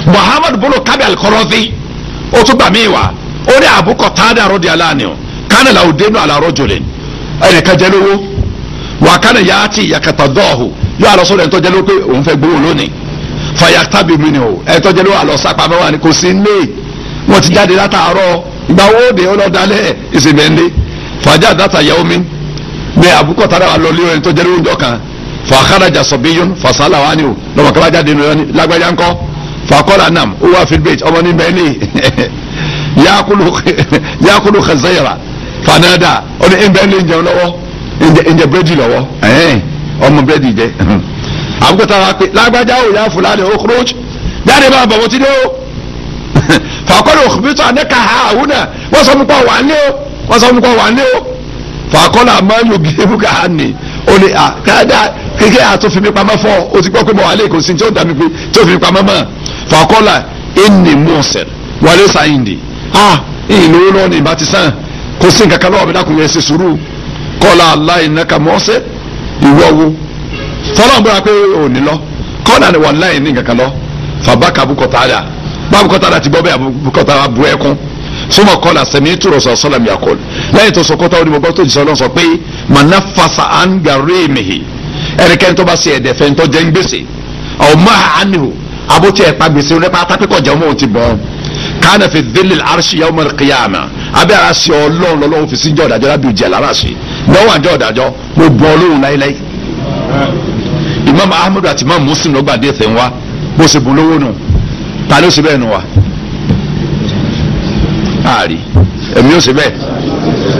muhammadu bolo kábí alikọ́rọ́sí ó tún gbà mí wá ó ní àbúkọ tádà rọ́ọ̀dì aláàánì o kánà làwọn dénú àlárọ̀ jòlè ẹnìkan jẹ́ lówó wà kánà yá ti yàkàtà dọ́ọ̀hù yóò àlọ́ sọ́dọ̀ ẹni tó jẹ́ lówó pé òun fẹ́ gbowó lónìí fàyà tábì mi ni o ẹni tó jẹ́ lówó àlọ́ sápá mẹ́wàá ni kò sí nílé wọ́n ti jáde látàárọ̀ ìgbà wo de ọlọ́dalẹ̀ ìsìnbẹ̀ndé fàjà dátà yẹ omi bẹ́ẹ̀ àbúkọ̀ tara wa lọ léwọ́n tó jẹ́rìí oúnjọ kan fàkàràjà sọ̀bíyún fàṣálà wa ni o lọ́mọ kí wọ́n jáde nù yọ́ni lágbájá ńkọ́ fàkọ́lá nam ó wà fìdíbẹ̀tì ọmọ ní bẹ́ẹ̀ ni yakulu khazayra fanada ó ní ń bẹ́ẹ̀ ni ìjẹun lọ́wọ́ ìjẹ búrẹ́dì lọ́wọ́ ọmọ búrẹ́dì jẹ àbúkọ̀ tara wa pé lágbájá ò yá fúlàní ó kúrò jáde bá bọ̀ wọ́n ti dé o fàkọ́lá òkùnfin tó àdékà ha àwùnà wọ́n sọ fún kọ́ wà ní o wọ́n sọ fún kọ́ wà ní o fàkọ́lá mọ́lù gírífùkà hàní ó ní à káàdà kékeré àtúnfimi pamọ́ fọ́ o ti gbọ́ pé mo wà lẹ́ẹ̀kọ́ sí tí ó dàbí pé tí ó fi pamọ́ mọ́ fàkọ́lá ẹnì mọ́ọ̀sẹ̀ wọlé sàyìndì à ìlú náà ní ìbá ti sàn kò sí nǹkan kan lọ́wọ́ mi lákùnrin ẹ̀sìn sùúrù kọ́lá aláìnáka mọ́ọ̀sẹ̀ ìwọ wo fọlọ́n pé ò ní lọ kọ́lá ni wà láì ní nǹkan kan lọ fàbákà bukọ̀tàdà bá bukọ̀tàdà ti gbọ́ bẹ́ẹ̀ bukọ̀tàdà bu ẹkún súnmọ́ kọ́lá sẹ́mi túrọ̀ sọ̀ sọ́lá mi àkọ́lù lẹ́yìn tó sọkọtọ ó ní mo gbọ́ tó jìsọ lọ sọ pé mana fasa an gàrí mihi ẹnikẹ́ni tó bá ṣe ẹ̀dẹ̀ fẹ́ tó jẹ́ ń gbèsè ọmọ àánú abótí ẹ̀pá gbèsè rẹ pátá pẹ́kọ̀ jẹ́ ọmọ òun ti bọ́ kánà fi dhillil arshi yawm al-qiyamah abẹ́ ara ṣe ọlọ́run lọ́lọ́run fi síjọ́ ìdájọ́ lábẹ́ ìjẹ́ lára ṣe lọ́wọ́ àjọ mo bọ́ ọlọ́run láíláí imam ahmed àti imam bẹ́ẹ̀.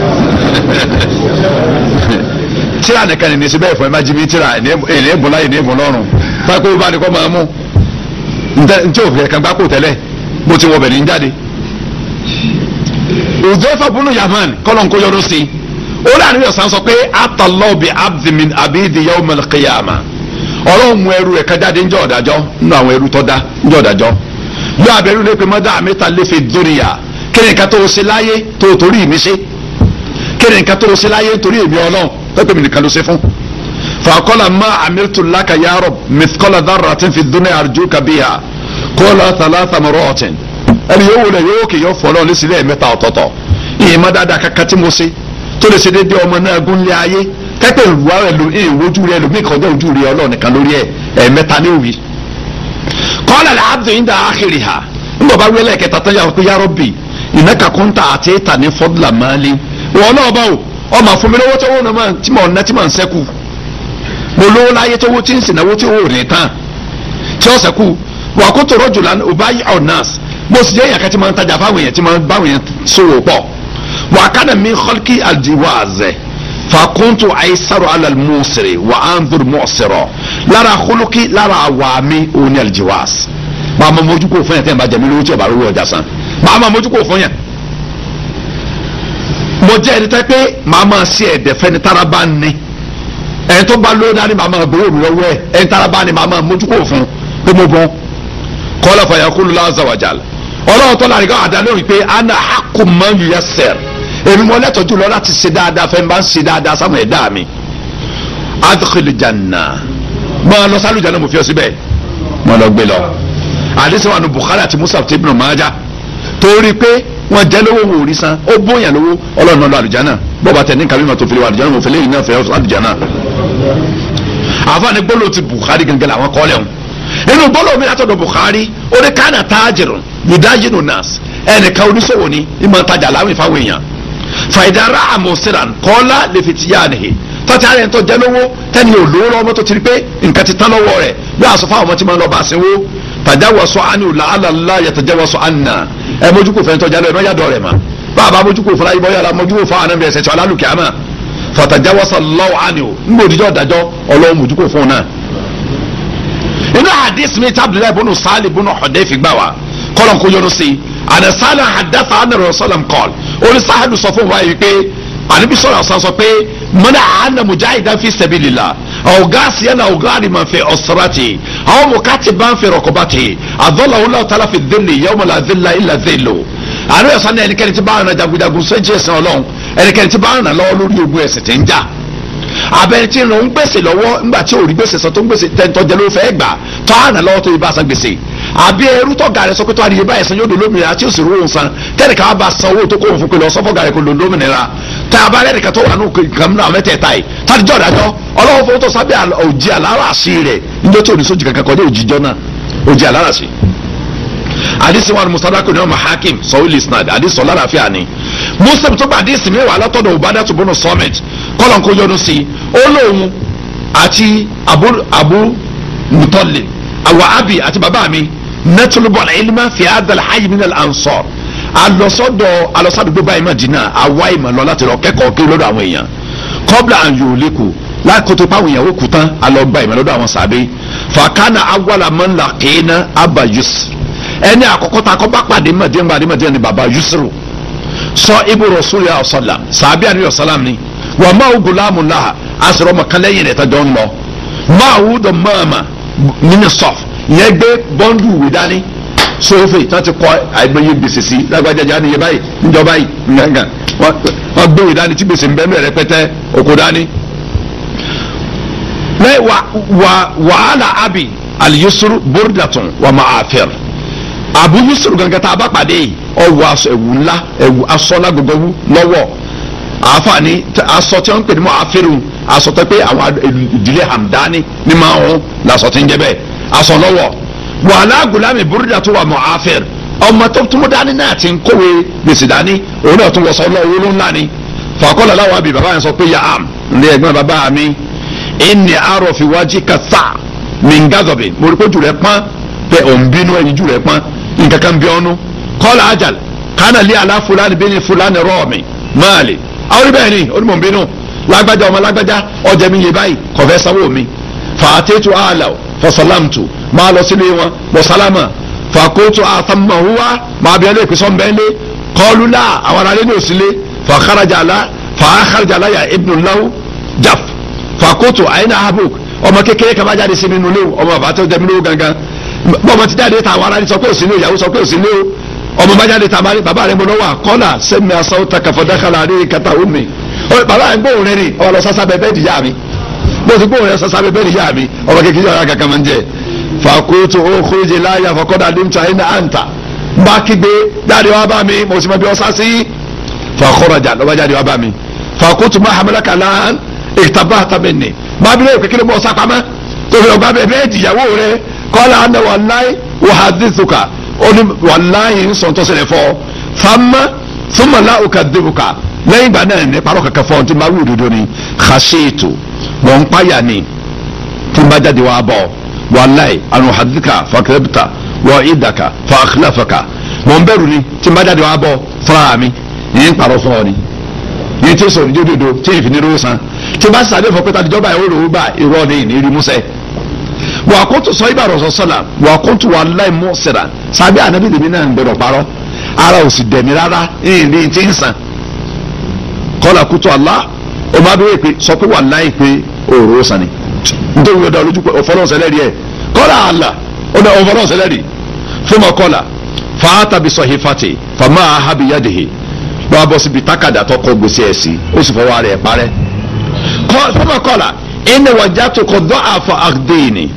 tíra nìkan ní síbẹ̀ ìfọ̀ ẹ̀ má jí mi tíra èlé ìbùn láyé ní ìbùn lọ́rùn fáwọn kó bá ní kọ́ máa mú ntí òfin kan gbá kó tẹ́lẹ̀ mo ti wọ bẹ̀ ní jáde. Uzaifa bunu Yaman kọ́lọ̀ nkó yọdún sí i ó láàrin ọ̀sán sọ pé atalọ́ọ̀bì abdimin abidi yawmal qiyama ọlọ́run mú ẹrú rẹ̀ kájáde ńjọ́ ọ̀dàjọ́ nínú àwọn ẹrú tọ́da ńjọ́ ọ̀dàjọ́ yóò abẹ́rú lé pé mọ́dà mẹ́ta lè fi dúnìyà kí ni ká tó o ṣe láyé tó o torí mi ṣe kéde nǹkan tó o ṣe láyé nítorí èmi ọlọ́run tó pèmí nìkan ló ṣe fún. fàkọ́lá má amírtu laka ya rab mithqala dharratin fi dunya arjuka biha qala thalatha marratin ẹni yóò wulẹ̀ yóò kì yóò fọlọ́ ní sílẹ̀ mẹ́ta ọ̀tọ̀ọ̀tọ̀ ìyẹn má dáadáa kankan tí mo ṣe tó lè ṣe déédéé ọmọ náà gúnlé ayé kẹ́pẹ́ ìwà rẹ̀ ló ń wojú rẹ̀ lómi kọjá ojú kunta àti ìtàní fadla mali wọn náà bá wò ọmọ fún mi lówó tó wò náà tí mò ń ná tí mò ń sẹ́kù mo lówó láyé tó wó tí ń sìnáwó tí wò ní tán tí ó sẹ́kù wà kó tòró jùlá ọba ọ̀nàs mo sì jẹ́ ìyàkẹ́ tí máa ń tajà fáwọn èèyàn tí máa ń báwọn èèyàn sòwò pọ̀ wà kánà mi xọ́lkì àdìwáàzẹ̀ fàkúntù àìsàrò alàlmùsìrì wà á ń bùrù mọ̀ọ́sìrọ̀ lára xọ́lkì lára àwàmì òní àlìjìwáàs màá ma mójú kó fún yàn tẹ́ ẹ̀ bá jẹ́ mi lówó tí ò bá ọjà san màá ma mójú fún yàn mo jẹ́ ẹni tẹ́ pé màá máa ṣe ẹ̀dẹ̀ fẹ́ni tára ń ní ẹni tó bá lóyún náà ni màá máa gbowó mi lọ́wọ́ ẹ̀ ẹni tára bá ní màá máa mójú kò fún pé mo bọ́n kọ́lá fàyàkúlù láàzà wàjàlá ọlọ́run tó lárí káwọn àdáni rí pé ana akuman yasir èmi mo lẹ́tọ̀ọ́ jùlọ láti ṣe dáadáa fẹ́ bá ń ṣe dáadáa sáwọn ẹ̀dá mi adkhil janna máa lọ sálùjáná mo fi ọ síbẹ̀ mo lọ gbé lọ àdìsí wa nu Bukhari àti Musab ti Ibn Majah torí pé wọn jẹ lówó wò rí san ó bóyàn lówó ọlọ́run náà lọ àlùjáná bọ́ọ̀bà tẹ̀ ní kàmí ma tó fi lè wà àlùjáná mo fi lè yìn náà fẹ́ àlùjáná. àfààní gbọ́dọ̀ ti Bukhari gẹ́gẹ́ làwọn kọ́lẹ̀ wọn inú gbọ́dọ̀ mi látọ̀dọ̀ Bukhari ó ní kánà tájìrún yudajinu nas ẹnìkan oníṣòwò ni ìmọ̀ tajà láwìn fáwọn èèyàn fàìdára àmọ̀síran kọ́lá lè fi tiyá nìyí tọ́tí ara ẹni tó jẹ́ lówó tẹ́ni ò lówó lọ́wọ́ tó ti rí pé nǹkan ti tán lọ́wọ́ rẹ̀ bí àsọfáwọn ọmọ tí máa ń lọ bá a sinwó tàjáwọ́ sọ àánú làálàá yàtọ̀jáwọ́ sọ àánú náà ẹ mójúkò fẹ́ tọ́jà lẹ́nu ọ̀yàdọ̀ rẹ̀ mà bàbá mójúkò fún ayé bọ́yà la mójúkò fún àwọn ẹ̀sẹ̀ tí alálùkẹ́ àmà fàtàjáwọ́sà lọ́wọ́ àni o ń gbòdìjọ́ ọ̀dàjọ́ ọlọ́run mójúkò fún un náà. inú hadith mi tábìlì láì bọ́nù sáàlì bọ́nù ọ̀dẹ́ fi gbà wá kọ́lọ̀ kó yọnu sí i àná sáàlì àdáfà àná rẹ̀ sọ́lá àníbi sọ̀rọ̀ àṣà sọ pé mọ́nà àánà mujahida fi sabilillah ọ̀gá siyana ọ̀gá àdìmọ̀ fẹ́ ọ̀sọ̀rọ̀tì àwọn mọ̀kàtì bá ń fẹ́ rọ̀kọ̀bàtì àdọ́làwọ́lá tala fi délé yẹ́wọ́n la délé ilà délé o àríwá sanni ẹnikẹ́ni ti bá àrùn jagunjagun sẹ́jẹ̀ sàn ọlọ́run ẹnikẹ́ni ti bá àrùn lọ́wọ́ lórí ogun ẹ̀sìn abẹ́ni tí ń lọ ń gbèsè lọ́wọ́ ńgbà tí ò gbèsè sọ tó ń gbèsè tẹ̀ntọ́ jẹ ló fẹ́ gbà tọ́ àná lọ́wọ́ tó yẹ bá san gbèsè àbí ẹrú tọ́ gàrẹ́ sọ pé tó àdìyẹ báyìí san yóò tí ó sì rówó san tẹ́lẹ̀ ká bá san owó tó kó òfin pé lọ a tó wà mẹ́tẹ̀ẹ̀ta yìí tàdíjọ́ ọlọ́wọ́ fowó tó sábẹ́ òjì rẹ̀ níjọ́ wa ni ọmọ hakim kọ́lọ̀n kó yọnu sí i ó lóun àti abu abu mutọ́lẹ̀ àwọn abi àti bàbá mi nẹ́tọ́lùbọ̀ la ilima fi adala ayimina ansor alọ́sọ́dọ̀ alọ́sàdúgbò báyìí Madina àwa ìmọ̀ lọ láti lọ kẹ́kọ̀ọ́ kí lọ́dọ̀ àwọn èèyàn kọ́bla àyò lẹ́kọ̀ọ́ lákòótó páwọn èèyàn ó kú tán alọ́gbà ìmọ̀ lọ́dọ̀ àwọn sàbẹ̀ fàkànà awala man laqina abba yusuf ẹni àkọ́kọ́ ta kọ́ bá pàdé Madina Madina ni bàbá yusuf sọ ibu rasulillah sallam sàbẹ̀ àníyàn sallam ni wa ma gùlámù náà àṣìrò ọmọ kan lẹ́yìn rẹ̀ tọ́jọ́ ń lọ máa wù dọ̀ mọ́ọ̀mà nínú sọ̀f ìyẹn gbé bọ́ńdù ìwé dání sófè tán ti kọ àìgbẹ́yẹ gbèsè sí lágbájájá níye báyìí níjọba yìí ngangan wọ́n gbé ìwé abi burdatun wa ma'afir abu yusru a àáfààní aṣọ tí wọn ń pè ní mọ àfẹrù aṣọ tó pé àwọn ìdílé hamdani ní máa ń làṣọ tí ń jẹ bẹ́ẹ̀ aṣọ lọ́wọ́ wàhálà gùlámì búrúdà tó wà mọ àfẹr ọmọ tó tún dání náà ti ń kówé gbèsè dání òun náà tún wọṣọ lọ́wọ́ ló ńlá ni fàkọlà láwọn àbí bàbá yẹn sọ pé ya am ní ẹ̀gbọ́n bàbá mi ẹnì àárọ̀ fi wájú kàtà mi ń gàdọ̀bẹ̀ mo rí pé jù rẹ pọ́n pé òun bínú ẹni jù rẹ pọ́n nǹkan kan bí ọ́nú kọ́lá àjàl kánà lé aláfúlání bí fúlání rọ́ọ̀mì máàlì àwọn oníbẹ̀rẹ̀ ni onímọ̀ nbínú lágbájá ọmọ lágbájá ọjà mi yé báyìí kò fẹ́ sanwó mi fàtẹ́tù àlà fọ̀sálàmtù máa lọ sílé wọn mọ̀sálámà fàkótó àtàmọ̀húwá máa bí ẹlẹ́ẹ̀kì sọ́nbẹ́lẹ́ kọlùlá àwọn aráalé ní òsílé fàkàràjàlá fàákàràjàlá yà ibùdókòwò jàf fàkótó àyínà abuk ọmọ kékeré kan bá jáde sí mi nulẹ̀ ọmọ bàtà ọjà mi lówó gangan bọ́ọ̀mọ ti jáde ta àwọn aráalé sọ pé òsínlẹ̀ ìyàwó sọ pé òsínlẹ̀ ọmọ bá jáde tabari bàbá rẹ gbọ́dọ̀ wà kọlà sẹmi asawo takafọdakala àríyìn kata omi ọ̀rẹ́ bàbá rẹ gbóhùn rẹ ni ọwọ lọ sasa bẹbẹ ìdíyà mi bó ti gbóhùn rẹ sasa bẹbẹ ìdíyà mi ọmọ kékeré ọ̀rẹ́ kankan máa ń jẹ fakoto okoye láyà fakọdà dimta ẹni àǹtà bá kígbe dáadé wá bá mi mo sì mọ bí ọ sásí fakọrọjà lọba jáde wá bá mi fakoto mahamadu kalan ìtàbá tàbẹ̀ni bá bí lóye kékeré mọ ọsàpamọ́ tó fi ọgbà bẹbẹ ìdíyàwó rẹ kọlà anáwó aláì wàhádìsùkà ó ní wàláyé ń sọ̀tọ̀ sílẹ̀ fọ́ fama súnmọ́lá òkà débùkà lẹ́yìn ìgbà náà ní parọ́ kankan fọ́ tí máa wù òdodo ni xaṣeetu mọ̀ ń páyà ni tí máa jáde wá bọ̀ wàláyé àrùn hadika fakirabita wọ ìdàkà fàkìlàfàkà mọ̀ ń bẹ̀rù ni tí máa jáde wá bọ̀ fúnra mi ìyẹn parọ́ ni yìí tí sọ̀rọ̀ ní dòdòdò tí ìfìnnirò san tí bá sàdé fọ pé tàdíjọba ìwé òrò gbà ìrọ̀ ni ìnírí wà kóńtù sọ ibà rọ̀sọ̀ sọ̀là wà kóńtù wà láì mú sẹ̀rà sábẹ́ ànábì lèmi náà ń gbẹdọ̀ parọ́ ara ò sì dẹ̀mí rárá ní ti ń sàn kọ́lá kútu àlá o máa bẹ̀rẹ̀ pé sọ pé wà láì pé òòrò sàn ni nítorí ọ̀dà olójú pé ọ̀fọ́lọ́sẹ̀ lẹ́rì ẹ̀ kọ́lá àlà ọ̀dà ọ̀fọ́lọ́sẹ̀ lẹ́rì fún ọkọ́lá fàátàbí sọ̀hífàtì fàmà àhábìyàdìhì wàá bọ́ síbi tákàdá tó kọ gbèsè ẹ̀ sí ó sì fọwọ́ rẹ̀ parẹ́ fún ẹni wàjà tó dọ́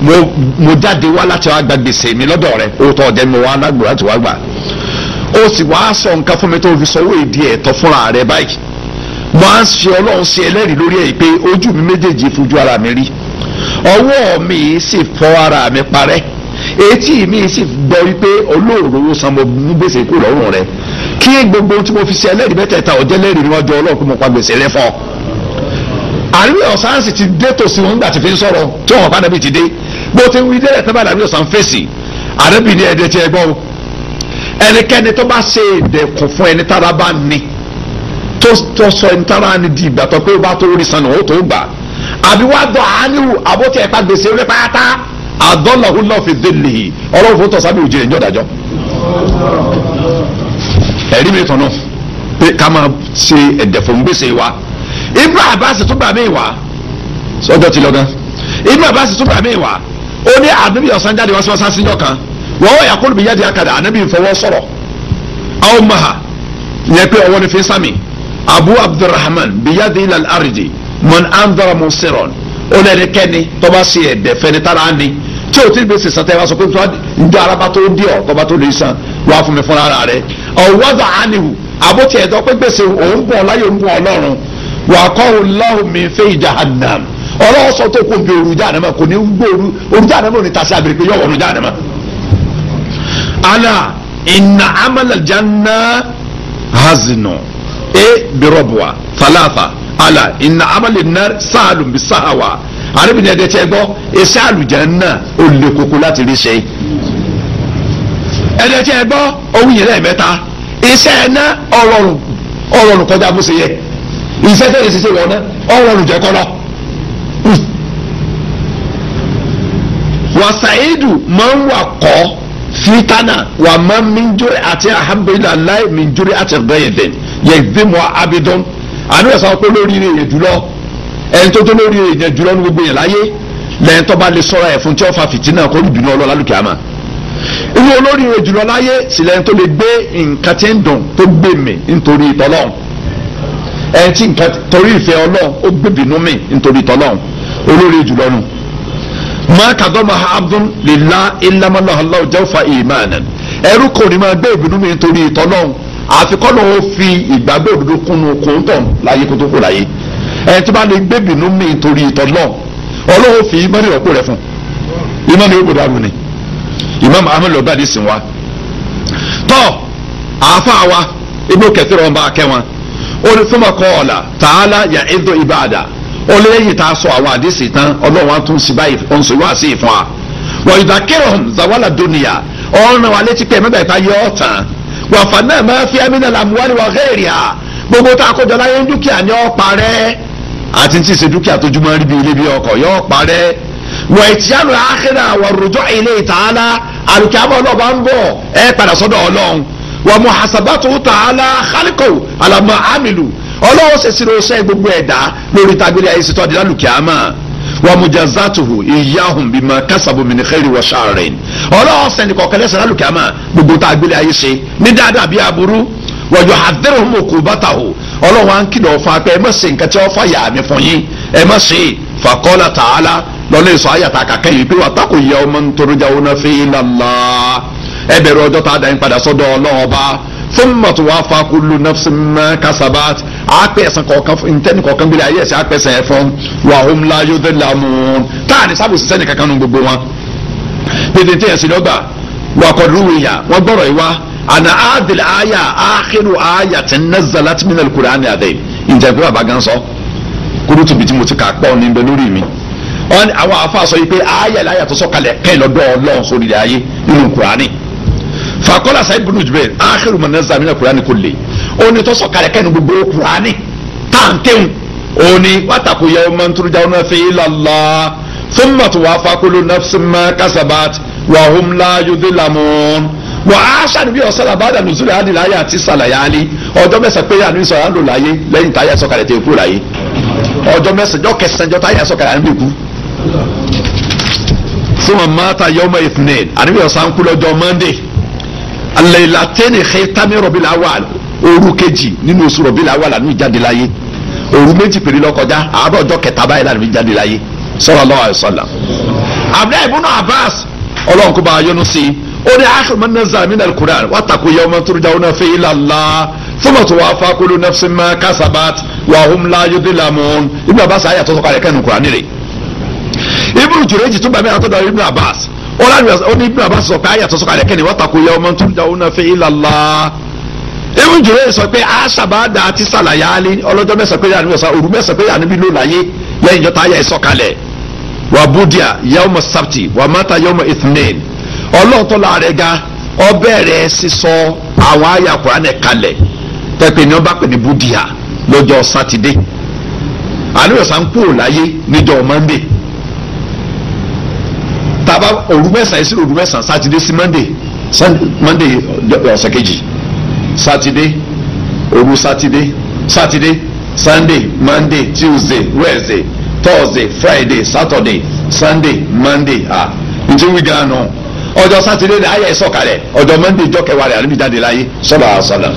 mo jáde wá láti wá gba gbèsè mi lọ́dọ̀ rẹ owó tó ọ̀jẹ̀ mi wá lágbò láti wá gbà ó sì wá sọ nǹkan fún mi tó fi sanwó ìdí ẹ̀tọ́ fúnra rẹ báyìí mo á ṣe ọlọ́run ṣe ẹlẹ́rìí lórí ẹ̀ pé ojú mi méjèèjì fojú ara mi rí ọwọ́ mi sì fọ ara mi parẹ́ etí mi sì gbọ́ wípé olóòrò san mo mú gbèsè kú lọ́rùn rẹ kí gbogbo tí mo fi ṣe ẹlẹ́rìí mẹ́tẹ̀ẹ̀ta ọ̀jẹ́ lẹ́rìí níwájú ọlọ́run pé mo pa gbèsè rẹ fọ́ àríwẹ̀ ọ̀sánsì ti dé tòsí wọn nígbà tí fi ń sọ̀rọ̀ tí wọn bá nàbí ti dé bó ti ń wí délẹ̀ tó bá làbí ọ̀sán fèsì àdébì ní ẹ̀dẹ̀ tí ẹ gbọ́ o ẹnikẹ́ni tó bá ṣe ìdẹ̀kùn fún ẹni tára bá ní tó tó sọ ẹni tára ni di ìgbà tó pé ó bá tó rí sanu ó tó gbà àbí wá dọ̀ àánú àbótí ẹ̀pá gbèsè rẹ pátá àdọ́lọ́hún náà fi dé lè ọlọ́run fún tọ́sábì òjì ẹ̀yọ́ dájọ́ ẹ̀rí mi tọ̀nà pé ká máa ṣe ẹ̀dẹ̀ fún gbèsè wa Ibn Abbas tó gbà mí wá sọ́jọ́ ti lọ gan Ibn Abbas tó gbà mí wá ó ní ànábì ọ̀sán jáde wá sí ọ̀sán síjọ́ kan wọ́n wọ̀ yàkúrò bí yáde akadà ànábì ìfọwọ́ sọ̀rọ̀ àwọn maha yẹ pé ọwọ́ ni fi sami abu abdulrahman bí yáde ilal aridi mọ̀n andara musiron ó lẹ́ni kẹ́ni tọ́ba sí ẹ̀dẹ̀ fẹ́ni tára ni tí o ti gbèsè sàtẹ́ wa sọ pé njọ araba tó di ọ tọ́ba tó lè san wà fún mi fúnra rẹ ọ̀wọ́dà ánìwù àbótiẹ̀dọ́ pé gbèsè òun bọ̀ láyé òun bọ̀ ọlọ́run wà kọ́ ọ̀hún lọ́hùn mi fẹ́ jahannam ọlọ́wọ́ sọ tó kó bi òru jáde mọ́ kò ní gbó òru òru jáde mọ́ ní tasí abiri pé yọ wọnú jáde mọ́. ala inna amala janna hazinu e birobuwa falafa ala inna amala nar saalu bi sahawa arabi ni ẹdẹ tẹ gbọ esi alujanna olè koko láti rí ṣe ẹdẹ tẹ gbọ ohun yẹn lẹ́ẹ̀mẹ́ta iṣẹ́ ẹ̀ná ọ̀rọ̀rùn ọ̀rọ̀rùn kọjá bó ṣe yẹ iṣẹ́ tẹ̀lé ṣiṣẹ́ wọn náà ọ̀rọ̀rùn jẹ́ kọ́ wasaidu man wakọ fitana wa man minjuri àti alhamdulilayi minjuri àti gbẹyẹdẹ yẹgbẹmọ abidun àdúrà sọ pé lórí rẹ yẹ jùlọ ẹni tó tó lórí rẹ yẹ jùlọ ní gbogbo yẹn la lẹ́yìn tó bá lè sọ́ra ẹ̀ tí ó fa fìtínà kó lù dùnú ọlọ́lá lùkìá ma inú olórí rẹ jùlọ sì lẹ́yìn tó gbé nǹkan tí tó gbé mi nítorí ìtọ́lọ́hún ẹni tí nǹkan torí ìfẹ́ ọlọ́run ó gbébìnú mi nítorí tọ́lọ́run olórí jùlọ nù. máa kàdọ́mà abdul lila ilamala alahu jẹ́wọ́fà ìmáàna ẹrú kò ní máa gbé ìbínú mi nítorí tọ́lọ́run àfikọ́nà ó fi ìgbàgbọ́ òdodo kúnnu kóńtọ̀n láyé kó tó kó láyé ẹni tí bá lè gbé ìbínú mi nítorí tọ́lọ́run ọlọ́run fi ìmọ̀ ní ọ̀pọ̀ rẹ̀ fún ìmọ̀ ní ọ̀pọ̀ dàrú ni Imam Ahmed lọ́ọ́ bá dì kẹsìrọ̀ ọba akẹ́wọn orí túmọ̀ kọ́ ọ̀la tààlà yà édò ìbàdà olóyè tá a sọ àwọn àdìsí tán ọlọ́run á tún sí báyìí ó ń sọ wá sí ìfún wa. wọ́n ìdákẹ́rọ̀ zawala dunia ọ̀ràn wa létí pé mẹ́bàá ìta yọ ọ́ tán wọ́n fà náà máa fi amínà làmúwárí wa hẹ́ẹ̀rì à gbogbo tá a kó jọlá yẹn dúkìá ni ọ́ parẹ́ àti tí ì ṣe dúkìá tó jùmọ̀ rí bí ilé bí ọkọ̀ wà muhasabatu ta'ala khalikawu alama amilu ọlọ́wọ́ ṣèṣirò iṣẹ́ gbogbo ẹ̀dá lórí tábìlì ayé ṣètò àdìlá lùkìámà wà mujazatuhu iyahum bima kasabu min khairi wa sharrin ọlọ́wọ́ sẹ́ni kọ̀ọ̀kan lẹ́sẹ̀ gbogbo tábìlì ayé ní dáadáa bí aburú wa yuhadhdhiruhum uqubatahu ọlọ́wọ́ à kìlọ̀ fún apẹ́ ẹ má ṣe nǹkan tí yà mí fún yín ẹ má ṣe faqala ta'ala lọ́lẹ́ sọ kàkẹ́yìn pé wàtàkùn yawman turjawna fi ilallah ẹ bẹ̀rù ọjọ́ tá a dá yín padà sọ́dọ̀ ọlọ́run ọba fún mọ̀tòwá fakulu nafsinma kasabat àpẹ̀sán kọ̀ọ̀kan ntẹ́ni kọ̀ọ̀kan gbélé ayé ẹ̀sẹ̀ àpẹ̀sán ẹ̀ fún wàhùn láyò dé lamun táàní sábòsí sẹ́ni kankan nù gbogbo wọn. pété tí ẹ̀sìn lọ́gbà wàkọ̀dúnwìyà wọ́n gbọ́rọ̀ yìí wá àná àdìl àyà àkérò àyà tí ń nàzàlá tí mìíràn kúrò àná àdè ìjà pé bàbá gan sọ kúrú tóbi tí mo ti kà pọ̀ ní bẹ lórí mi àwọn àfa sọ yìí pé àyà láyà tó sọ kalẹ̀ kẹ́ lọ́dọ̀ ọlọ́run sórí ilẹ̀ ayé nínú kúránì fàkọ́lá sàyid bin jubair akhiru man nazza min al-Qur'ani kulli òní tó sọ̀kalẹ̀ kẹ́ni gbogbo kùránì tàǹtẹ̀hùn òní wàtàkù yawman turja'una fihi ila Allah thumma tuwaffa kullu nafsin ma kasabat wa hum la yudhlamun wà á ṣàdúgbò ọ̀sán àbádà nùsùlẹ̀ àdìláyà àti sàlàyàlì ọjọ́ mẹ́sàn-án péré àní sọ̀rọ̀ àńlò láyé lẹ́yìn táyà sọ̀kalẹ̀ tẹ̀ kúrò láyé ọjọ́ mẹ́sàn-án jọ́ kẹsàn-án jọ táyà sọ̀kalẹ̀ àníbì kú. sọ́wọ́n máa ta yọmọ ìfúnẹ̀ àníbì ọ̀sán kú lọ́jọ́ Monday alaylatani khaytami rọ̀bìlà awal òru kejì nínú oṣù rọ̀bìlà awal àánú ìjáde láyé òru méjì péré lọ́kọjá àárọ̀ ọjọ́ kẹta báyìí láàrin ìjáde láyé sallallahu alaihi wasallam. abdulayi ibn abbas ọlọ́run kó bá a yọ́nú sí i ó ní akhiru man nazala min al-Qur'an wattaqu yawman turja'una fihi ila Allah thumma tuwaffa kullu nafsin ma kasabat wa hum la yudlamun ibn abbas ayé àtọ́sọ́kọ̀ àrẹ́kẹ́nu kúránì rẹ̀ ibn jùrẹ́jì tún bàmí àtọ́dọ̀ ibn abbas ó ní ibùdó àbáṣọ pé àyàtọ̀ sọ̀kalẹ̀ kẹ́ni wọ́n tako yẹ ọmọ tó ń da òun náà fi ilà la ewu jùlọ sọ pé àṣàbàdà àti sàlàyé alẹ́ ọlọ́jọ́ mẹ́sàn-án péré àníbi ọ̀sán òru mẹ́sàn-án péré àníbi ló láyé lẹ́yìn ìjọta ayé sọ̀kalẹ̀ wà búdíà yawma sabti wà mata yawma ithnain ọlọ́ọ̀tọ́ la rẹ̀ ga ọbẹ̀ rẹ̀ sísọ àwọn àyà kùránẹ̀ kalẹ̀ tẹ́pẹ́ ni wọ́n bá pè ní búdíà lọ́jọ́ sátidé àníbi ọ̀sán kúrò láyé níjọ́ mọ́ndé tàbá òru mẹ́sàn-án sí òru mẹ́sàn-án monday monday ọ̀sẹ̀ kejì sátidé òru sátidé sátidé sunday monday tuesday wednesday thursday friday saturday sunday monday ah ntí wí gan-an náà ọjọ́ sátidé ni ayé sọ̀kalẹ̀ ọjọ́ mọ́ndé ìjọ kẹwàá rẹ̀ àríbi jáde láyé sọ́dọ̀ àṣàlà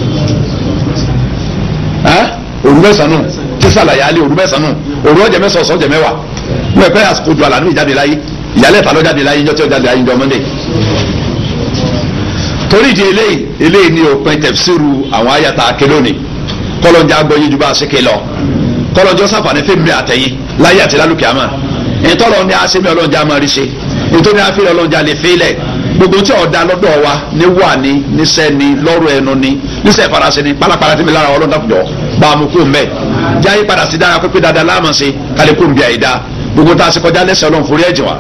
òru mẹ́sàn-án nù tí sàlàyé alẹ́ òru mẹ́sàn-án nù òru ọjọ́ mẹ́sàn-án ọ̀sán ọjọ́ mẹ́wàá wọ́n ẹ̀pẹ́ àsìkò ju àlàní ìjáde láyé ìyálẹ̀ fà ló jáde láyé ńjọ́ tí ó jáde láyé ńjọ́ monday torí di eléyìí eléyìí ni òpin tẹ̀síru àwọn ayata akelóni kọlọ́njà agbóyin ju bá a ṣèké lọ kọlọ́njọ́ sàfàní fèmí àtẹ̀yìn láyé àti lálùkì àmà ìtọ́lọ́ ni a ṣe mi ọlọ́njà máa rí ṣe ìtọ́ni a fi ọlọ́njà lè fi lẹ̀ gbogbo tí ọ̀dà lọ́dọ̀ wa ní wà ní níṣẹ́ ni lọ́rọ̀ ẹnu ni níṣẹ́ ìfarasẹ́ ni pálapàla tí mi lára ọlọ́dàkùjọ bá a mú kó mbẹ́ jáyé padà sí dára pípé dáadáa láàmú sí kálí kó mbíà yìí dá gbogbo tá a ṣe kọjá lẹ́sẹ̀ ọlọ́run forí ẹ̀jẹ̀ wa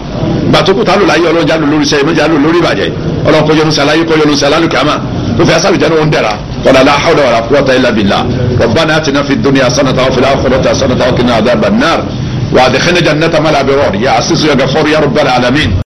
ìgbà tó kù tá láyé ọlọ́run jálò lórí sẹ́yìn mọ́jà lò lórí ìbàjẹ́ ọlọ́run kọjọ́ nùsà láyé kọjọ́ nùsà lálùkẹ́ àmà tó fẹ́ asábìjẹ́ ní wọn dẹ̀ra wala la hawla wala quwwata illa billah rabbana atina fid dunya hasanatan wa fil akhirati hasanatan wa qina adhaban nar wa adkhilna jannata mal abrar ya aziz ya ghafur ya rabbal alamin